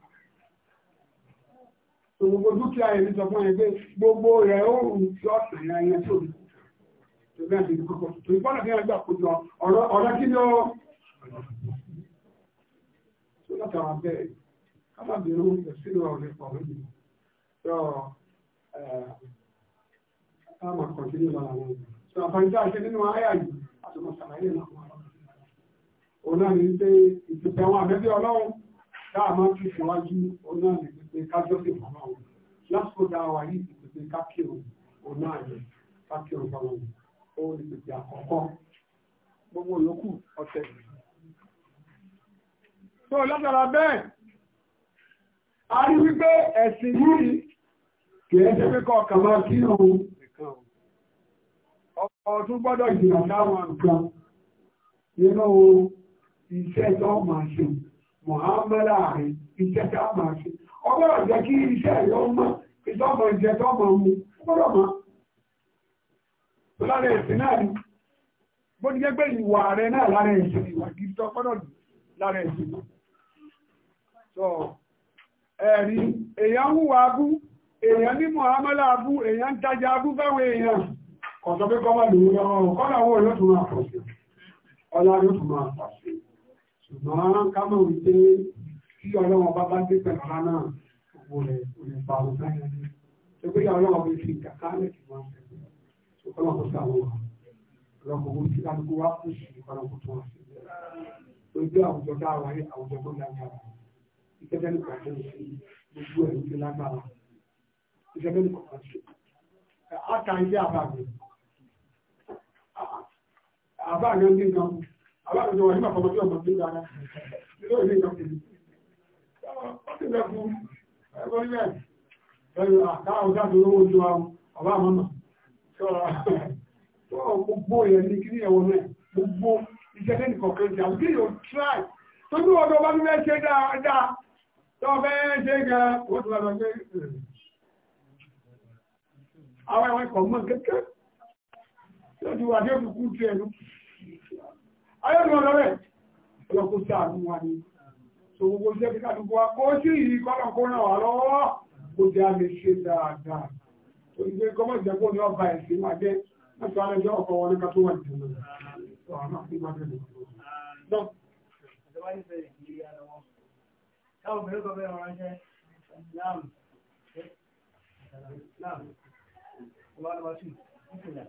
gbogbo dúkìá yẹn sọ fún ẹ pé gbogbo rẹ̀ ó rùn sí ọ̀sán yẹn yẹn tó rí torí àti ìlú kọ̀kọ̀ torí bọ́lá fi hàn gbà kó jọ ọ̀rọ̀ kí ni ó. tó látara bẹ́ẹ̀ ká má bèrè oúnjẹ sínú ọ̀rẹ́ ọ̀rẹ́ mi tó ká má kọ̀ọ̀tì nínú ara wọn. sọ àfàìsá àṣẹ nínú àyà onáàrí pé ìtìpẹ̀ wọn àmẹ́bí ọlọ́run dáàmọ́ kí síwájú onáàrí pípé kájọ́sì fọlọ́run lásìkò dáwà yìí ti pípé kákìrò onáàrí kákìrò fọlọ́run ó ní pípé àkọ́kọ́ gbogbo olókù ọ̀tẹ̀. tó látara bẹ́ẹ̀ a rí wípé ẹ̀sìn yìí kìí ṣe pé kọ̀ọ̀kan máa kí òun nìkan ọ̀tún gbọ́dọ̀ ìgbìyànjú àwọn nǹkan nínú iṣẹ́ tó máa ṣe mọ̀hámẹ́lá rẹ̀ iṣẹ́ tó máa ṣe ọgbọ́dọ̀ jẹ́ kí iṣẹ́ yọ mọ́ ìjọba ìjẹ tó máa mú mọ́ lára ẹ̀sìn náà ni bó jẹ́ ìwà náà lára ẹ̀sìn ìwà gidi tó gbọ́dọ̀ náà ẹ̀rí èèyàn abú èèyàn ní mọ̀hámẹ́lá abú èèyàn abú báwọn èèyàn kọ̀ọ̀tọ̀ pé kọ́ ṣùgbọ́n ká mọ̀ wípé kí ọlọ́wọ́n bá bá dé pẹ̀lú ara náà gbogbo rẹ̀ kò lè ba àwọn sáyẹn ní tó pé ọlọ́wọ́n fi fi ìkà kálẹ̀ kí wọ́n fẹ́ tó kọ́ lọ́kọ́ sáwọn wa ọlọ́kọ̀ owó tí kálukú wá kù sí ọlọ́kọ̀ tó wá sí ojú àwùjọ dá wa ní àwùjọ tó lágbára aláàbẹ̀jọ wà nígbà fọmọdé ọmọ ní ìdára nínú ìlú ìdọ́kùnrin ó ti yóò ní ọdún ọba mímẹ́ ṣe ayọ́rùn ọlọ́rẹ̀ ọlọ́kún sí àánú wa ni tó gbogbo iṣẹ́ kíkà tó wá kó sí ìyí kọ́nà kó ràn wá lọ́wọ́ kó a lè ṣe dáadáa tó ń gbé gọ́mọ̀ ìjẹ́pọ̀ ní ọba ẹ̀sìn wa jẹ́ láti wá lọ́jọ́ ọkọ̀ wọn nípa tó wà nìjọba tó àwọn àti má bẹ̀rẹ̀ lọ. Káwọn obìnrin kan ìpínlẹ̀.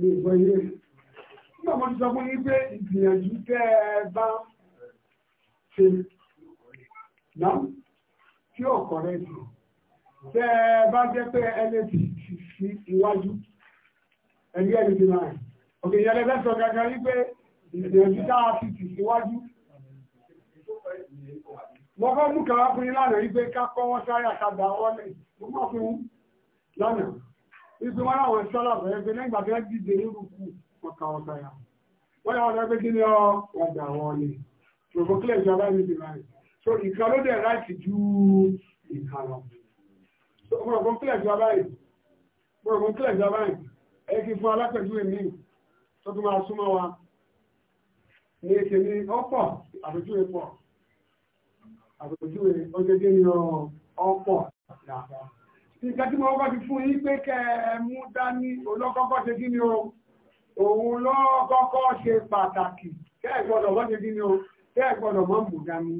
lè gbọ́ ilé. Nígbà mo ti sọ fún yín pé ìgbìyànjú tẹ́ ẹ bá ṣe náà tí ò kọ̀rẹ́ sí. Tẹ́ ẹ bá jẹ́ pé ẹni tí ti fi iwájú ẹni ẹni ti máa rìn. Òkè ìyẹn lẹ́gbẹ́ sọ kankan wípé ìgbìyànjú tá a ti tì síwájú. Mo fẹ́ mú kàwá fún yín lánàá wípé ká kọ́ wọ́n sáré àtàgbà wọ́n lẹ̀. Mo máa fún yín lánàá ibi wọn àwọn ìṣọ́lá bẹ̀rẹ̀ pé nígbà tí wọ́n dìde nínú kù ọ̀kà ọ̀kà yà wọ́n yà wọ́n pé kí ni ọ wọ́n dà wọ́n ni ṣòfò kílẹ̀ ìjọba ní ìdìbò rẹ̀ so ìka ló dẹ̀ láti ju ìka lọ. ọ̀pọ̀lọpọ̀ kílẹ̀ ìjọba yìí ọ̀pọ̀lọpọ̀ kílẹ̀ ìjọba yìí ẹ kí fún alápẹ̀júwe mi tó tún máa nǹkan tí mo bá fi fún yín pé kẹ́ ẹ mú dání olókọ́kọ́ ṣe kí ni o òun lọ́kọ́kọ́ ṣe pàtàkì kẹ́ ẹ gbọ́dọ̀ mọ́ ṣe kí o kẹ́ ẹ gbọ́dọ̀ mọ́ mú dání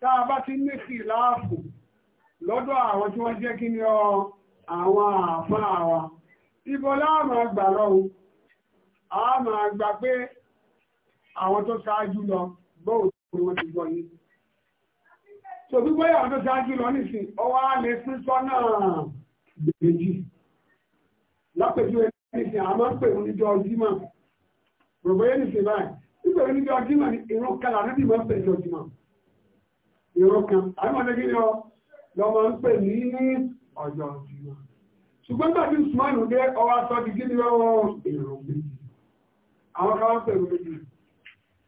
tá a bá ti ní sí láàfù lọ́dọ̀ àwọn tí wọ́n jẹ́ kí ni ọ àwọn àáfàá wa a máa gbà pé àwọn so gbígbọ́ ìyàwó tó ṣáájú lọ nísìn ọwọ́ á lè pín sọ́nà méjì lápẹjú ẹnìsìn àmọ́ ń pè ní ìjọ jímọ̀ gbogbo ẹnìsìn báyìí ìpè ní ìjọ jímọ̀ ní ìran kan làwọn ẹbí máa ń pè ní ìjọ jímọ̀ ìran kan àwọn ọmọdé kí ni ọ lọmọ ń pè ní ọjọ́ jímọ̀ ṣùgbọ́n gbàgbé Usman dé ọwọ́ aṣọ di kí ni ọ ìran méjì àwọn kan wọ́n pè ní méjì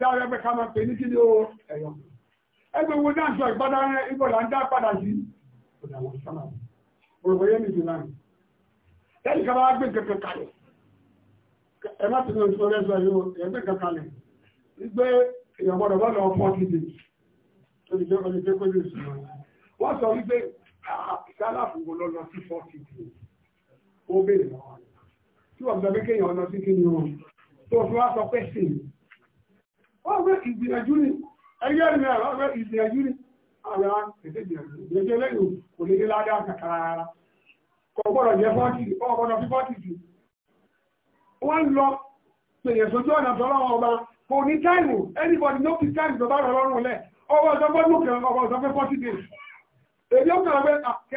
dáwọn ẹgbẹ́ ká máa pè ní kí ni ó ẹ̀yọ̀ ẹgbẹ́ wo náà sọ ìgbádá rẹ ibò là ń dá padà sí ọ̀dà àwọn sábà òrùkọ yẹn ká máa gbé kẹ̀kẹ́ kalẹ̀ ẹ má ti lóun tó rẹ yóò ẹgbẹ́ kẹ̀kẹ́ kalẹ̀ gbé tí wọ́n gbọ́ pé lọ sí kí ni ó tó fi wá sọ pé wọ́n fẹ́ ìgbìyànjú ni ẹgbẹ́ mi àwọn ọ̀fẹ́ ìgbìyànjú ni àwọn ẹ̀fẹ́ ìgbìyànjú ni ìgbìyànjú lẹ́yìn kò lè dé ládàá kàkàrà rárá kò gbọ́dọ̀ jẹ́ fọ́ọ̀tì kò gbọ́dọ̀ fi fọ́ọ̀tì jù wọ́n lọ pèyẹ̀ sójú ọ̀nà tọ́lọ́wọ́ ọba kò ní táìmù anybody no fit time tó bá rọ̀ lọ́rùn lẹ̀ ọwọ́ ọjọ́ bọ́ lókè ọwọ́ ọjọ́ fẹ́ fọ́ọ̀tì days èyí ó kàn án pé ah, kẹ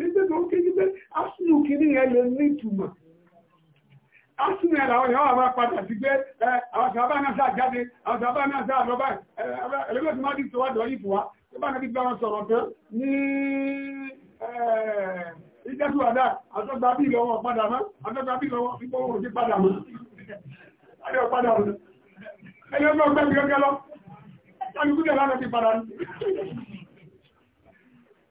Títí tó kí ní pé Asinu kìíní yẹn lè ní ìtumọ̀. Asinu yẹn làwọn yẹn wà máa padà sí pé àwọn sábà náà sá jáde, àwọn sábà náà sá àlọ́bà, ẹlẹ́gbẹ́ tí wọ́n ti wá dọ̀rí fún wa, tó bá náà ti gbá wọn sọ̀rọ̀ tán ní ìjẹ́sùwàdà, àtọ́gbà bí lọ́wọ́ padà mọ́, àtọ́gbà bí lọ́wọ́ fipọ́ òrùn ti padà mọ́. Ayọ̀ padà mọ́. Ẹyọ́ náà gbẹ́gbẹ́ lọ, alùpùpù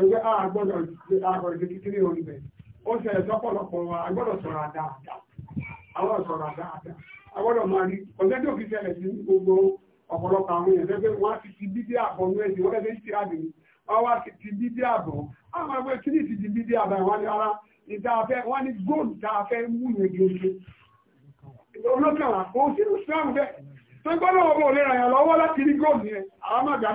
ewé àgbọ́dọ̀ àgbọ̀ ìdí kíkiri orí bẹ̀. ó ṣẹlẹ̀ sọ́pọ̀lọpọ̀ wa àgbọ́dọ̀ sọ̀rọ̀ àdáadáa àwọn sọ̀rọ̀ àdáadáa àgbọ́dọ̀ máa rí ọ̀sẹ̀ tó fi ṣẹlẹ̀ sí gbogbo ọ̀pọ̀lọpọ̀ àwọn èèyàn tẹ́gbẹ́ wọ́n á ti ti bídí àbọ̀ ní ẹ̀sìn wọ́n tẹ́gbẹ́ ti àbẹ̀ wọ́n wá ti ti bídí àbọ̀ ara a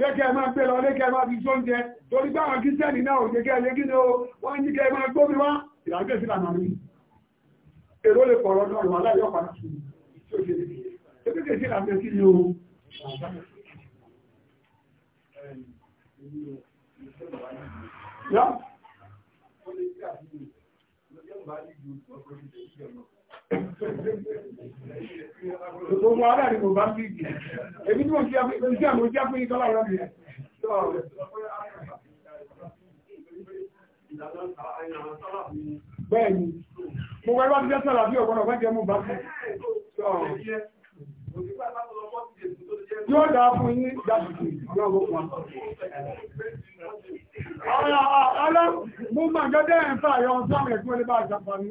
Tẹ́kẹ́ máa gbé lọ lékẹ́ máa fi ṣóúnjẹ, torí bá àwọn kírísẹ́nì náà òjèkẹ́ lé kí ni ó wọ́n ní kẹ́ máa gbóbi wá, ìrànkẹ́ sí lànà rí. Èrò lè pọ̀rọ̀ náà wà láyọ̀ padà sí tí ó ṣe lè ṣe. Tẹ́kẹ́ sí lànà sí ni ó. Yá. Wọ́n lè Gbogbo ara ni mo bá ń bíbí. Èmi tí wọ́n ti àmì ìgbésí àmì ojú àpéyí tọ́lá ọ̀rọ̀ mi. Bẹ́ẹ̀ni, mo wá ìwádìí jẹ́ sọ́lá bí ọ̀gbọ́n ọ̀gbọ́n jẹ́ mú bá fún. Yóò dáa fún yín dáṣìkì yóò gbogbo wọn. Ọ̀rọ̀ ọ̀rọ̀ mú màgẹ́dẹ́ ẹ̀fà yọ ọ̀sán ẹ̀kú ẹ̀lẹ́bà àjàpá mi.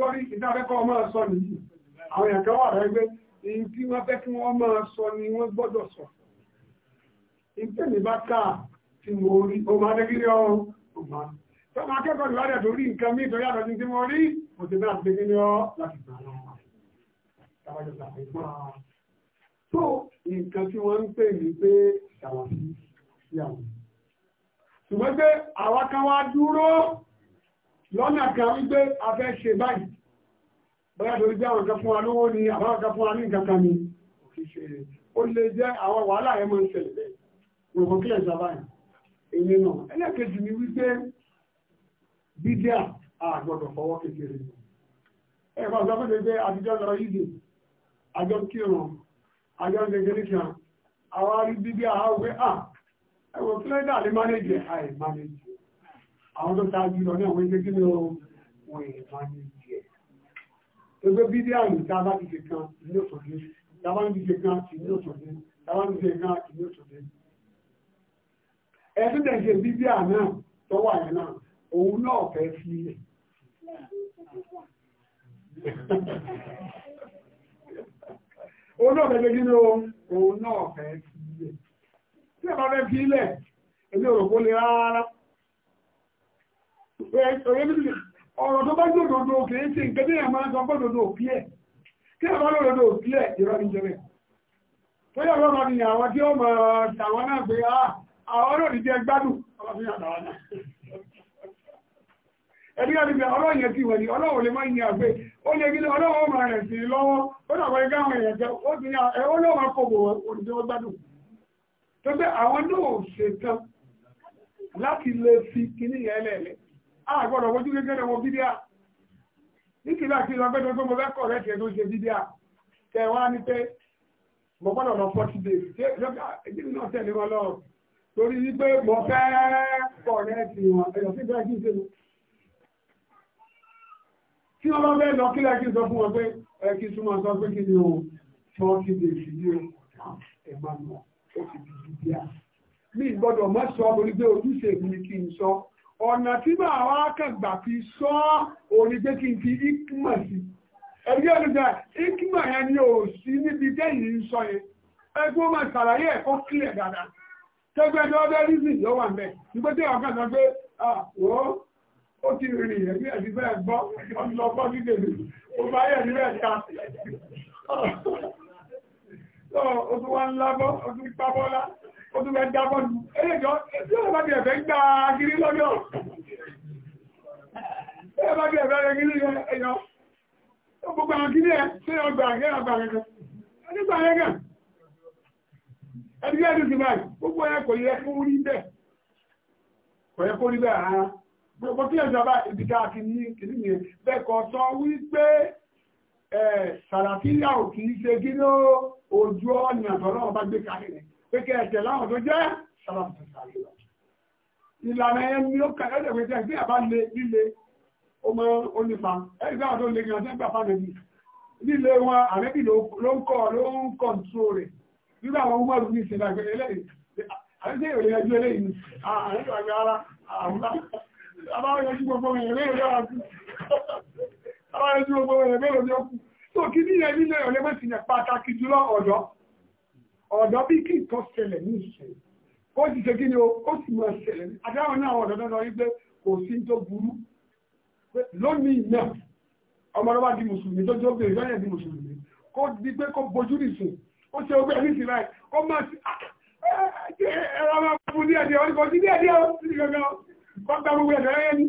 lórí ìdáfẹ́kọ́ ọmọ sọ nìyí àwọn èèyàn kan wà rẹ́gbẹ́ èyí tí wọ́n fẹ́ kí wọ́n máa sọ ni wọ́n gbọ́dọ̀ sọ ìtẹ́mi bá ká tí mo rí o máa dẹ́gírí ọrùn o máa tó máa kẹ́kọ̀ọ́ ìwádẹ̀ tó rí nǹkan mí ìtọ́jú àtọ́jú tí mo rí mo ti bá gbé ní ọ láti gbà náà tó nǹkan tí wọ́n ń pè ní pé ṣàwàfí sí àwọn ṣùgbọ́n lọ́nà kan wípé a fẹ́ ṣe báyìí bóyá torí bí àwọn kan fún wa lówó ni àwọn kan fún wa ní nǹkan kan ni ó lè jẹ́ àwọn wàhálà yẹn máa ń ṣẹlẹ̀ gbogbo kílẹ̀ sábàá èyí náà ẹlẹ́kejì ni wípé bídíà àgbọ̀dọ̀ fọwọ́ kékeré ẹ̀fọ́ àgbàgbọ́dọ̀ lè mánéjì àwọn tó sáájú lọ náà wọ́n ń gbé wọ́n ìrìnà tá a bá ti ṣe kan ní òṣòdì tá a bá ti ṣe kan kì ní òṣòdì tá a bá ti ṣe kan kì ní òṣòdì ẹ̀sùn tẹ̀ ṣe bíbí àná tó wà yẹn náà òun náà fẹ́ fi ilẹ̀ òun náà fẹ́ gbé ní òun náà fẹ́ fi ilẹ̀ tí ẹ bá fẹ́ fi ẹgbẹ́ òròpó le rárá ọ̀rọ̀ tó bá jòdòdó kìí sí nǹkan tí ẹ̀mọ́ sọ pé dòdó òbí ẹ̀ kí ẹ̀mọ́ lòdòdó òbí ẹ̀ ìrọ̀ ní tó yẹ lọ́mọ ni àwọn tí ó mọ̀ ah, àwọn náà pé àwọn náà nìjẹ́ gbádùn ẹ̀rí àdìgbà ọlọ́run yẹn ti wẹ̀ ní ọlọ́run lè máa ń yà pé ó lè gílé ọlọ́run ọmọ rẹ̀ sí lọ́wọ́ ó dàgbà láti lè fi kíní yẹn àgbọ̀dọ̀ wojú gẹ́gẹ́rẹ́ wo bídíà níkìlá kí lọ gbẹ́dọ̀ tó mo fẹ́ kọ̀ rẹ̀ kẹ́ tó ṣe bídíà tẹ wá ní pé mo gbọ́dọ̀ lọ forty days ṣé ìdílé náà tẹ̀lé wọn lọ torí wípé mo fẹ́ kọ̀ rẹ̀ sí wọn ẹ̀yọ̀ sí ìgbà kí n ṣe mi. tí wọ́n bá fẹ́ lọ kílẹ̀ kí n sọ fún wọn pé ẹ kí súnmọ́ sọ pé kí ni o forty days yìí o ẹ̀ máa mọ̀ ó ti di bídíà gbọ́dọ̀ mọ́ sọ lórí pé ojúṣe mi kí n sọ ọ̀nà tí màá wá kàgbà fi sọ orí pé kí n fi ikmọ̀ sí ẹgbẹ́ olùgbà ikmọ̀ yẹn ni ò sí níbi tẹ́yìn ń sọ yẹn ẹgbẹ́ ó máa ṣàlàyé ẹ̀kọ́ kílẹ̀ dáadáa tẹ́gbẹ́ ẹni ọbẹ̀ rízìn ló wà mẹ́ nígbà tí àwọn kan sọ pé àwọ̀ ó ti rìn ẹ̀mí ẹ̀mí bẹ́ẹ̀ gbọ́ ọlọ́gbọ́ dídè mi ó bá yẹ̀ níbẹ̀ ta ó tún wá ń lábọ́ ó tún pábọ́lá ó tún fẹ́ dá bọ́ọ̀lù ẹlẹ́jọ́ tí ó bá ti ẹ̀fẹ́ gbá kiri lọ́jọ́ ẹ bá ti ẹ̀fẹ́ rẹ̀ kiri ẹ̀yọ́ ó gbogbo àwọn kiri ẹ̀ tí ó gbà kẹ́rẹ̀ gbà kẹ́kẹ́ ẹni gbà kẹ́kẹ́ ẹni gbẹ́dùn sí báyìí gbogbo ẹ̀ kò yẹ kó rí bẹ́ẹ̀ kò yẹ kó rí bẹ́ẹ̀ rárá gbogbo kí ẹ̀jọ̀ bá ibi ká kí ní kìíní yẹn bẹ́ẹ̀ kọ́ sọ wípé sàràfíà ò kì ṣe kí ojú ọ̀nà tọ́lọ́wọ́ bá gbé kalẹ̀ pé kẹ́ ẹ̀tẹ̀ láwọn tó jẹ́ ìlànà ẹni ó kà ẹ̀dẹ̀ pé tẹ́ gbé àbá lé líle ọmọ onífà ẹ̀rí báwọn tó lè gbìyànjú ẹgbà fáwọn ẹbí líle wọn àrẹ́bì ló ń kọ́ ló ń kọ̀ǹtró rẹ̀ nígbà àwọn ọmọ ọdún ní ìsinmi àgbẹ̀ eléyìí àrẹ́sẹ̀ ìròyìn ẹjọ́ eléyìí àrẹ́sẹ̀ àgbẹ̀ ara àwọn àbáwọn ẹjú gbogbo ẹ̀rẹ́ ìrẹ́ àti àbáwọn ẹjú gbogbo ẹ̀rẹ́ mélòó ni ọ̀dọ́ bí kí nǹkan ṣẹlẹ̀ ní ìṣẹ̀lẹ̀ kó sì ṣe kí ni o kó sì máa ṣẹlẹ̀ ní adáwọn náà ọ̀dọ́ náà rí pé kò sí tó burú lónìí náà ọmọ ọlọ́wà di mùsùlùmí tó jẹ́ obìnrin lọ́yẹ̀ di mùsùlùmí kó di pé kó bojú nìsín ó ṣe ogbẹ́ ah! ní ìsìn láì kó máa ti ẹ̀rọ máa fún ní ẹ̀dẹ̀ ọdún kan sí ní ẹ̀dẹ̀ ọdún kan kọ́ gbà gbogbo ẹ̀dẹ̀ ẹ̀yẹ ni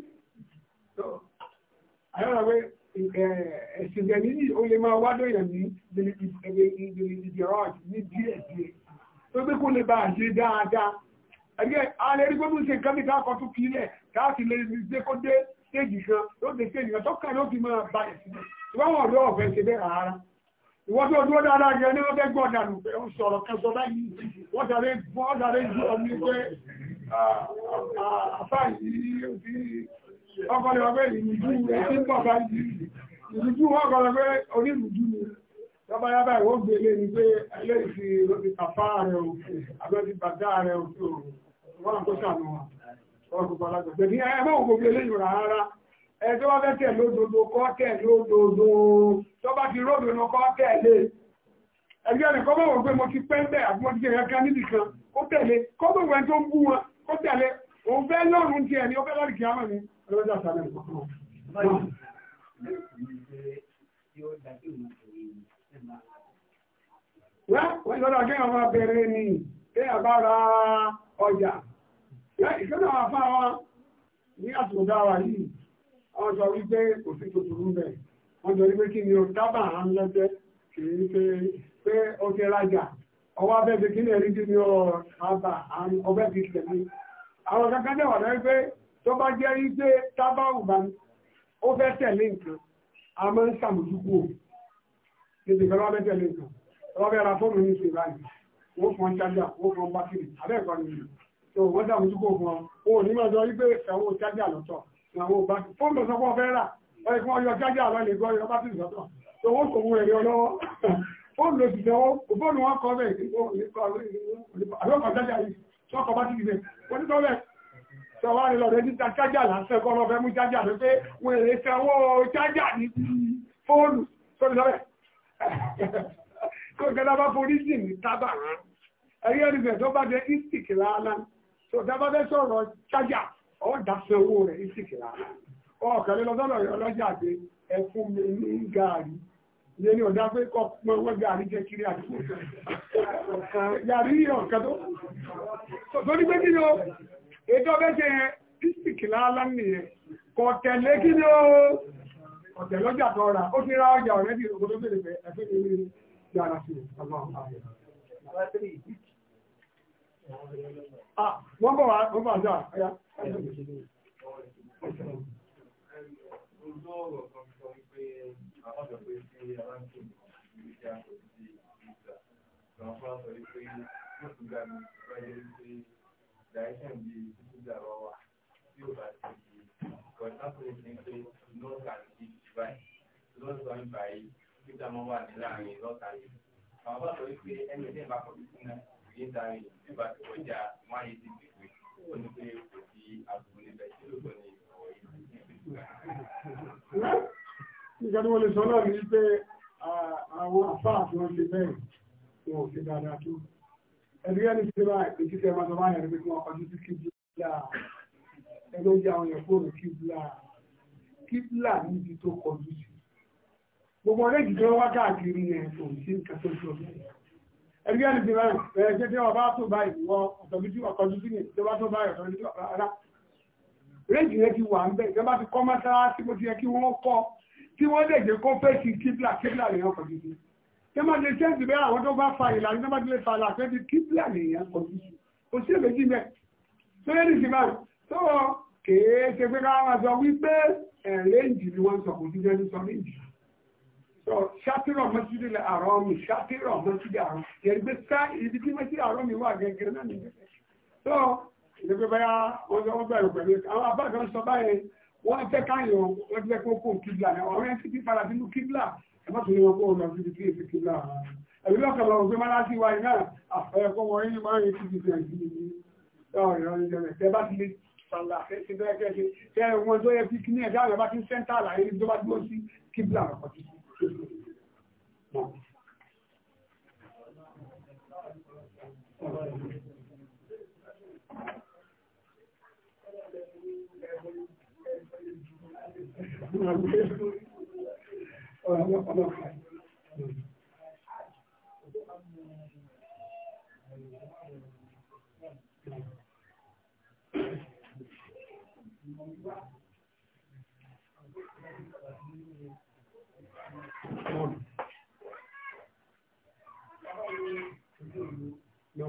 ẹ̀sìn eh, eh, ẹ̀mí ní o lè máa wádọ̀ èèyàn ní ìdìrọ̀jì ní díẹ̀ díẹ̀ tó gbé kó lè bá a ṣe dáadáa ẹgbẹ́ alẹ́ rí gbọ́dọ̀ ṣe nǹkan bí káàkọ́ tó kí ilẹ̀ káàkì lè dé kó dé stéèjì kan ló dé stéèjì kan tó kà ló fi máa ba ẹ̀sìn náà ṣùgbọ́n wọn ọ̀dọ́ ọ̀fẹ́ ṣe bẹ́ẹ̀ rárá ìwọ́n tó dúró dáadáa jẹ ní wọ́n fẹ́ gbọ́ ọ̀dà lù pé ó sọ̀rọ̀ kan sọ báyìí wọ́n ọkọlẹ̀ ọgbẹ́ ìrìnjú ẹ̀sìn bàbá yìí ìrìnjú wọ́n kọlẹ̀ pé onírìnjú ni lọ́bá yábà ìwọ́ gbélé e ni pé ẹlẹ́sì lóbi kàfá rẹ̀ òkè àbẹ́bí bàdá rẹ̀ òkè òwọ́n tó sànù wọn ọkọ̀ pàlágbẹ̀ ní ẹgbẹ́ òkò gbélé yìí rárá ẹ tó bá fẹ́ tẹ̀ lódodo kọ́ tẹ̀ lódodo tó bá ti ródò náà kọ́ tẹ̀lé ẹgbẹ́ ẹ̀kọ́ bọ̀ wọ́n pé mo ti pẹ́ bẹ́ẹ̀ àbúrò ti kẹ̀kẹ́ kan níbì kan ó tẹ̀lé kọ́ bọ̀ wọ́n tó ń bú wọn ó tẹ̀lé òun fẹ́ lọ́rùn tiẹ̀ ni ó fẹ́ lọ́rùn kìámọ̀ ni Wọ́n lọ́dọ̀ kí àwọn abẹ̀rẹ̀ ni kí àbára ọjà. Ìkẹ́lẹ̀ àwọn afá wa ní àtúndá wa yìí, àwọn sọ wípé kò sí tuntun bẹ̀. Wọ́n jọ wípé kí ni o dábà á ń lọ́jẹ́ kìí pé pé ó ti rajà. Ọwọ́ abẹ́bẹ̀ kí ni ẹ̀rí kí ni ọ̀rọ̀ àbà ọbẹ̀ fi tẹ̀lé. Àwọn kankan jẹ́ tó bá jẹ́ ipé tábàwù bá ní ó fẹ́ tẹ̀lé nǹkan a máa ń sàmójúkú o tètè fẹ́ lọ́wọ́ fẹ́ tẹ̀lé nǹkan lọ́wọ́ fẹ́ ra fóònù ní ìṣe báyìí wọ́n fọ́n chájà wọ́n fọ́n bátìrì abẹ́ẹ̀kọ́ ni so wọ́n sàmójúkú fún ọ o ní máa sọ wípé ẹ̀wọ̀n chájà lọ́tọ̀ àwọn òbá fóònù sọ pé ọ fẹ́ rà wọ́n fọ́n yọ chájà lọ lè gbọ́ yọ bátìrì lọ́tọ̀ so wọ́n sọ ohun ẹ̀yọ lọ́wọ́ fóònù ló ti jẹ́wọ́ fóònù wọn kọ́ bẹ́ẹ̀ tọ́wá ní lọ rẹ́jísítà chájà láńṣẹ́ kọ́ lọ́fẹ́ mú chájà ló pé wọ́n èrè sanwó chájà ní ti fóònù sórí lọ́rẹ̀ tó gẹ́gẹ́ bá forí sí ní tábà rán ẹ̀rí ẹ̀rí bẹ̀ tó bá jẹ́ istik lánà tó dábàá fẹ́ sọ̀rọ̀ chájà ọ̀ dáṣẹ́ owó rẹ̀ istik lánà ọ̀kẹ́lẹ́ lọ́sọ̀rọ̀ ọlọ́jà dé ẹ fún mi ní gàárì ní ẹni ọ̀dá pé kọ́ pọ̀ wọ́n gàrí jẹ́ kiri àdúgbò gàrí ọ̀kan tó ní pé kí ni ó ètò ọbẹ̀ṣe yẹn dísìkì láàlá nìyẹn kò tẹ̀lé kí ni ó kò tẹ̀lé ọjà tó rà ó ti ra ọjà ọ̀rẹ́ bí òkú tó bèrè pé ẹ̀fẹ́ mi ní yàrá sí ọgbà ọ̀gá rẹ̀. wọ́n bọ̀ wá wọ́n bọ̀ àjọ àyà. Gracias direction bí títúgbà wa wà tí ó bá ti di for example north and east divide north one by peter mọ́ wà ní láàrin north and east àwọn bá sọ wípé ẹni tí ìbá kọjú sí náà kì í darí tí ìbá ti kọjá one eighty degree ní pé kò sí àbùkù níbẹ̀ tí ó gbọ́ ní ọ̀rọ̀ yìí ní ìgbésùn rẹ̀. nígbà tí wọ́n ní pé àwọn afáàfin ọ̀sẹ̀ bẹ́ẹ̀ wọn ò fi dáadáa tó ẹbí ẹni tí ó bá ìpèjì tẹ máa tọ́wọ́ àyẹ̀rẹ́ pé wọ́n kọjú sí kíbla ẹgbẹ́ jẹ́ àwọn èèyàn fóònù kíbla kíbla níbi tó kọjú sí gbogbo ọ̀rẹ́ ìdíjọ́ wá káàkiri yẹn kò sí nǹkan tó tó ẹbí ẹni tí ó bá ìpèjì tẹ ọba tó bá ìwọ ọ̀tọ̀ bí tí wọ́n kọjú sí yẹn ìjọba tó bá ọ̀tọ̀ bí tí wọ́n rárá rédì yẹn ti wà ń bẹ̀ ìjọba ti kọ́ mọ́sálásí bó ti yẹ kí wọ́n kọ́ tí wọ́n dẹ̀ jẹ́ kó fẹ́ sí kíbla kíbla lè yàn kọjú sí tí wọ́n lè jẹ́ ìdìbẹ́ àwọn tó bá fa ìlànà tó bá lè fa àlà pé kí bí àlèyàn kò sí kò sí èméjì mẹ́ tó yẹ ní ìsìnká tó kèé ṣe pé káwọn máa sọ wípé ẹ̀rẹ́ǹjì ni wọ́n sọ kò sí jẹ́ni sọ méjì sọ ṣátìrọ̀ mọ́sídì àrọ́ mi ṣátìrọ̀ mọ́sídì àrọ́ yẹn gbé sá ibi tí mọ́sídì àrọ́ mi wà gẹ́gẹ́ náà nìyẹn tó ìdígbé báyà wọ́n sọ wọ́n bẹ̀rù pẹ̀lú àwọn abáàdàn sọ báyẹn wọ́n fẹ́ káyọ̀ wọ́n fẹ́ kó kó kíbla àwọn ẹni tí kí ẹ̀fọ́ tó ní wọn kó lọ síbi kí èsì kí láàá ẹ̀bí lọ́kàn lọ òfin máa láti wáyé náà àfẹ́ẹ̀kọ́ wọn yìí máa ń retí ti fi àìsí ní ọ̀rọ̀ ìrọ̀lẹ́ jẹ́rẹ̀ tẹ́ bá ti lè sàlà àfẹ́sí bẹ́ẹ̀ kẹ́ẹ̀ṣe tẹ́ wọn tó yẹ bí kí ní ẹ̀dá rẹ̀ bá ti ń Thank you ọ̀rọ̀ No.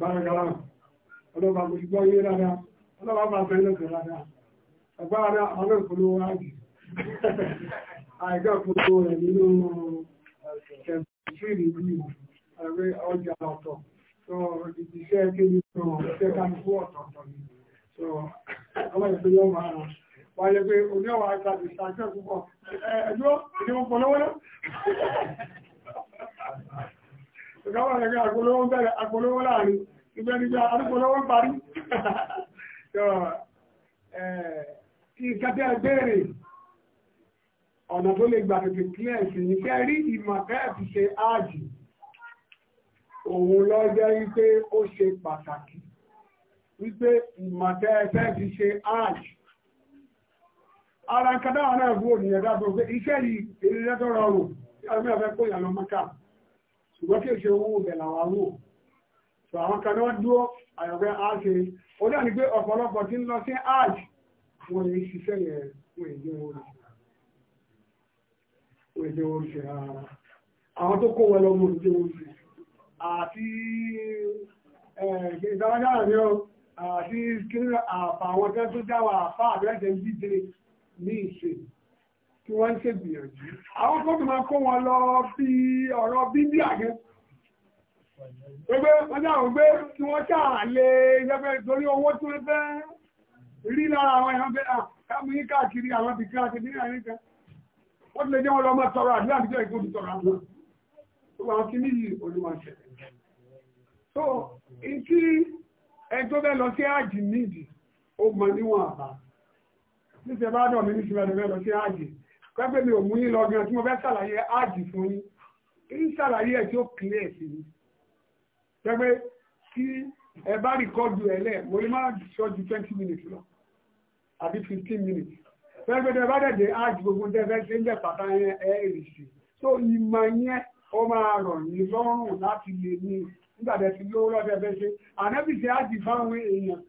bárakàlá ọlọ́ba kò gbọ́ yé dáadáa ọlọ́ba bá fẹ́ lọ́sẹ̀ dáadáa agbára àwọn ìpolówó áàjì àìgbà ìpolówó rẹ̀ nínú ẹ̀fìrì ní ẹ̀rẹ́ ọjà ọ̀tọ̀ tó ìdíṣẹ́ kéde tó ṣe kálukú ọ̀tọ̀ọ̀tọ̀ ni tó ọmọ ìpínlẹ̀ máa rà wáyé pé oníwà àti àdìsá jẹ́ púpọ̀ ẹ̀ẹ́dúró ìdíwọ́ polówó náà ìkáwà rẹ̀ agolówó bẹ̀rẹ̀ agolówó láàrin ibẹ̀ níbi agolówó parí ìkàtẹ́ ìbéèrè ọ̀nà tó lè gbà tètè clear sí ní fẹ́ rí ìmọ̀ tẹ́ẹ̀fì ṣe áàjì òun lọ jẹ́ wípé ó ṣe pàtàkì wípé ìmọ̀ tẹ́ẹ̀fì ṣe áàjì ara kadáwà náà gbóòdì ẹ̀dá tó pé iṣẹ́ yìí èdè lẹ́tọ́ rọrùn ẹgbẹ́ ọ̀fẹ́ kó ìyàlọ́ mọ́kà ṣùgbọ́n kí o ṣe owó ibẹ̀ làwọn wò so àwọn kan náà dúró àyọ̀fẹ́ àṣẹ ó dà ní pé ọ̀pọ̀lọpọ̀ tí ń lọ sí hajj wọn yìí ṣiṣẹ́ yẹn wọn yìí jẹ́ orí wọn yìí jẹ́ orí ṣe rárá àwọn tó kó wọn lọ wọn jẹ́ orí ṣe àti ìdáradára ni ó àti kí àfà àwọn tó dáwà tí wọ́n ṣe gbìyànjú àwọn tó máa kó wọn lọ bí ọ̀rọ̀ bíbí àgẹ́ gbogbo wọn dáhùn gbé kí wọ́n ṣáà lè yẹ́fẹ́ torí owó tí wọ́n fẹ́ rí lára àwọn èèyàn fẹ́ káàmù yí káàkiri àwọn ti kíra ní àyè kan wọ́n ti lè jẹ́ wọn lọ máa tọrọ àdúrà àbíjọ́ ìgbó tọrọ àwọn gbogbo àwọn kìíní yìí olúwa ṣẹlẹ̀ so ìtí ẹjọ́ bẹ́ẹ̀ lọ sí àjì nídìí ó mọ níwọ̀n àbá níṣẹ́ bá dọ̀ mí níṣẹ́ bẹ́ẹ̀ lọ sí àjì pẹ́pẹ́ mi ò mú yín lọ gan tí mo fẹ́ ṣàlàyé áàjì fún yín kí n ṣàlàyé ẹ̀ tí ó clear sí i pẹ́pẹ́ kí ẹ bá rìkọ́dù ẹ lẹ̀ mo lè má sọ ju twenty minutes lọ àbí fifteen minutes pẹ́pẹ́ tẹ bá dẹ̀dẹ̀ áàjì gbogbo tẹ fẹ́ ṣe ń jẹ́ pàtà yẹn ẹ rì sí i so ìmọ̀ yẹn ó máa rọ̀ yín lọ́rùn láti lè ní nígbà tẹ ti lówó lọ́dẹ fẹ́ ṣe ànábìsẹ̀ áàjì fáwọn èèyàn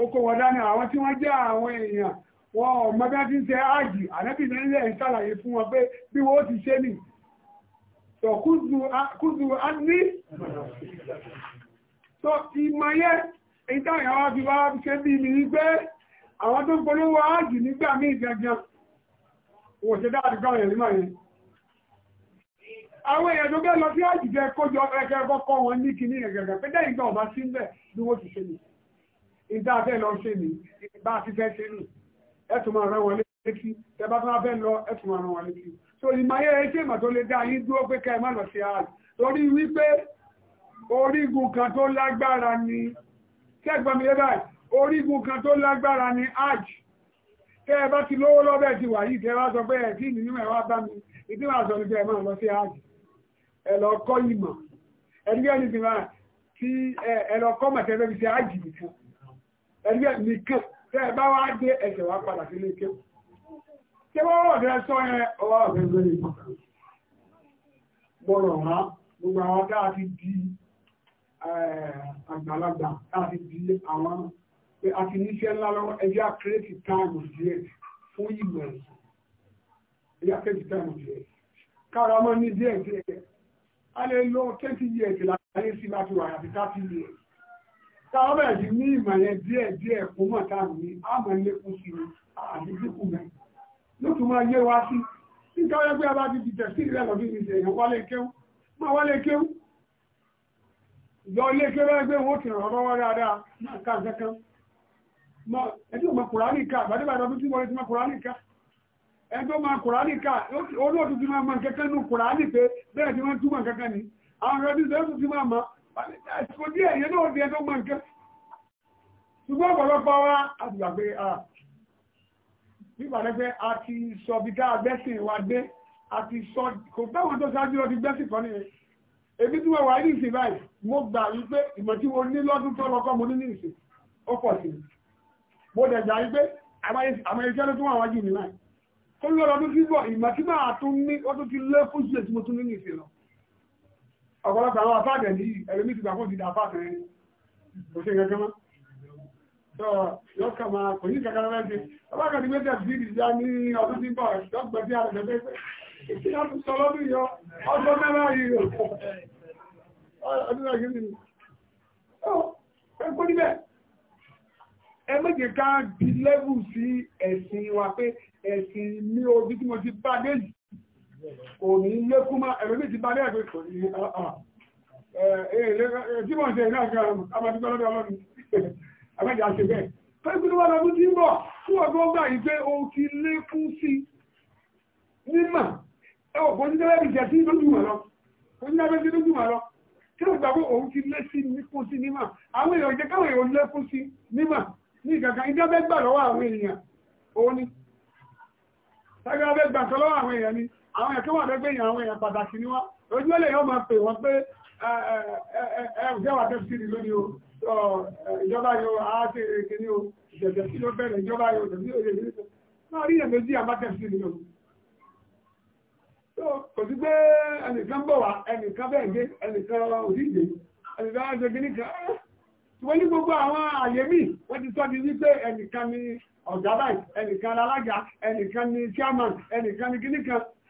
ó dání àwọn tí wọ́n jẹ́ àwọn èèyàn wọn ọmọ bí wọ́n ti ń ṣe áàjì ànábì náà nílẹ̀ ń ṣàlàyé fún wọn pé bí wọ́n ti ṣe nì so kúzù á ní so ìmọ̀ yẹn èyí táwọn èèyàn wá fi wá ṣe bí mi ní pé àwọn tó ń polówó áàjì nígbà míì gangan wọ́n ṣe dáadé gbáwọn èèyàn nímọ̀ yẹn àwọn èèyàn tó bẹ́ lọ sí àjìjẹ kójọ ẹgbẹ́ kọ́kọ́ wọn ní kìíní ẹ̀tùn máa rán wọn létí tẹ́bá tó fẹ́ lọ ẹ̀tùn máa rán wọn létí so ìmáyé ẹ̀ṣẹ́ ìmọ̀ tó lè dá yín dúró pé ká ẹ má lọ sí ààrẹ torí wípé orígun kan tó lágbára ni kẹ́gbọ́n mi lébà orígun kan tó lágbára ni aj tẹ́ ẹ bá ti lówó lọ́bẹ̀ ti wà yìí tẹ́ wá sọ pé ẹ̀ tí ìnìyàn ẹ̀ wá bá mi ìdí máa sọ ní pé ẹ máa lọ sí aj ẹ lọ kọ́ ìmọ̀ ẹ̀dígbẹ́ni ti máa tí ẹ lọ kọ́ mọ̀tẹ́fẹ́ fi ṣe aj nìkan ẹ̀dígbẹ́ tẹ́ ẹ bá wá dé ẹsẹ̀ wá padà sí ilé kéwù ṣé wọ́n rọ̀ dẹ́ sọ yẹn ọwọ́ ọ̀fẹ́ gbére gbọ́rọ̀ wá gbogbo àwọn tá a ti di eh, àgbàlagbà tá a ti di àwọn pé a ti níṣẹ́ ńlá lọ́wọ́ ẹjẹ́ àkírẹ́tì táàmù díẹ̀ fún ìmọ̀ ẹ̀sìn ẹjẹ́ àkírẹ́tì táàmù díẹ̀ kára ọmọ ní díẹ̀ díẹ̀ a lè lo twenty years láyé sí láti wà àti thirty years. káwọn bẹ̀rẹ̀ sí n'ime ya díẹ̀ díẹ̀ kó mọ̀ táàmù ní ama lékún sí àdídíkù rẹ̀ ló tún máa yé wa sí nígbà wọ́n pé abá ti ti tẹ̀sí rẹ̀ lọ́dún ní ṣe èèyàn wálé kéwú máa wálé kéwú yọ ọrụ kéwú rẹ̀ na-aka ti ràn lọ́wọ́ dáadáa máa ká kankan ẹjọ́ ọmọ kùránì ká àbádébàdàn tó ti wọlé ti máa kùránì ká ẹjọ́ máa kùránì ká olóòtú ti máa mọ kankan nù kùránì pé bẹ́ẹ̀ ti máa ni àsìkò díẹ̀ yẹn náà di ẹ tó mọ nǹkan ṣùgbọ́n ọ̀pọ̀lọpọ̀ wa àtìgbà pé a nígbà pé a ti sọ bí ká gbẹ́sìn wa dé a ti sọ kò táwọn tó ṣáájú lọ ti gbẹ́sìn kan nìyẹn èmi tí wọ́n wà ní ìsìn báyìí mo gbà wípé ìmọ̀ tí mo ní lọ́dún tó lọ́kọ́ mo ní ní ìsìn ó pọ̀ sí mo dẹ̀ gbà wípé àwọn iṣẹ́ ló tún wà wájú mi náà kó lọ́dún tí bọ̀ ìmọ̀ tí máa tún ní ó tún ti lé fún ṣe tí mo tún ní ìsìn lọ ọ̀pọ̀lọpọ̀ àwọn afáàdẹ̀ ní ẹlòmí ti gbàgbọ́n ti dà fáàdẹ̀ rẹ̀ kò ṣe gẹ́gẹ́ mọ́ tó yọ́kà máa kò ní kẹ́kẹ́ rẹ̀ ṣe ọba kan ti gbé tẹ̀ sí ìdíjá ní ọdún tí ń bọ̀ lọ́gbẹ̀ẹ́ tí a lè fẹ́ fẹ́ kí a tún rẹ̀ yìí ẹgbẹ́ níbẹ̀ ẹ méje ká di lẹ́bù sí ẹ̀sìn wa pé ẹ̀sìn ní ojú kò ní yé kú mọ́ ẹ̀rọ̀mí ti bá lẹ́ẹ̀kọ́ kò ní tí wọ́n ṣe iná kan amadúgbò lọ́dọ̀ ọlọ́run abẹ́jà ṣe bẹ́ẹ̀ pẹ́ẹ́kúndé wọn lọ́dún tí ń bọ̀ fún ọgbọ́n gbà yìí pé o ti lékún sí mímọ̀ ẹ ò kò ní tẹ́lẹ̀ ìṣẹ́ sí lójú wọn lọ kò ní tẹ́lẹ̀ sí lójú wọn lọ tí ó gbà pé òun ti lé sí nípò sí mímọ̀ àwọn èèyàn jẹ́ káwọn èèyàn lékún sí mímọ̀ ní ìkàkà ìjọba gbà lọ́wọ́ àwọn èèyàn òun ni tágbà bẹ́ẹ̀ gbà sọ lọ́wọ́ àwọn èèyàn ni àwọn ẹ̀kọ́ wà lẹ́gbẹ́ yìí àwọn èèyàn pàtàkì ni wọ́n ojú ẹlẹ́ yóò máa pè wọ́n pé ẹ̀ẹ́dẹ́wà tẹ́sí ni lónìí o ìjọba yóò àáṣe èké ní o ìjẹ̀jẹ̀ sí ló bẹ̀rẹ̀ ìjọba yóò tẹ̀sí òye ní sọ náà rí ìyẹn méjì àbá tẹ́sí ni o. kò sí pé ẹnìkan bọ̀ wá ẹnìkan bẹ́ẹ̀ gbé ẹnìkan ah! ọ̀gá báyìí ẹnìkan alága ẹnìkan ni chairman ẹnìkan ni kíníkan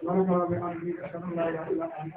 سبحانك رب العالمين أشهد أن لا إله إلا أنت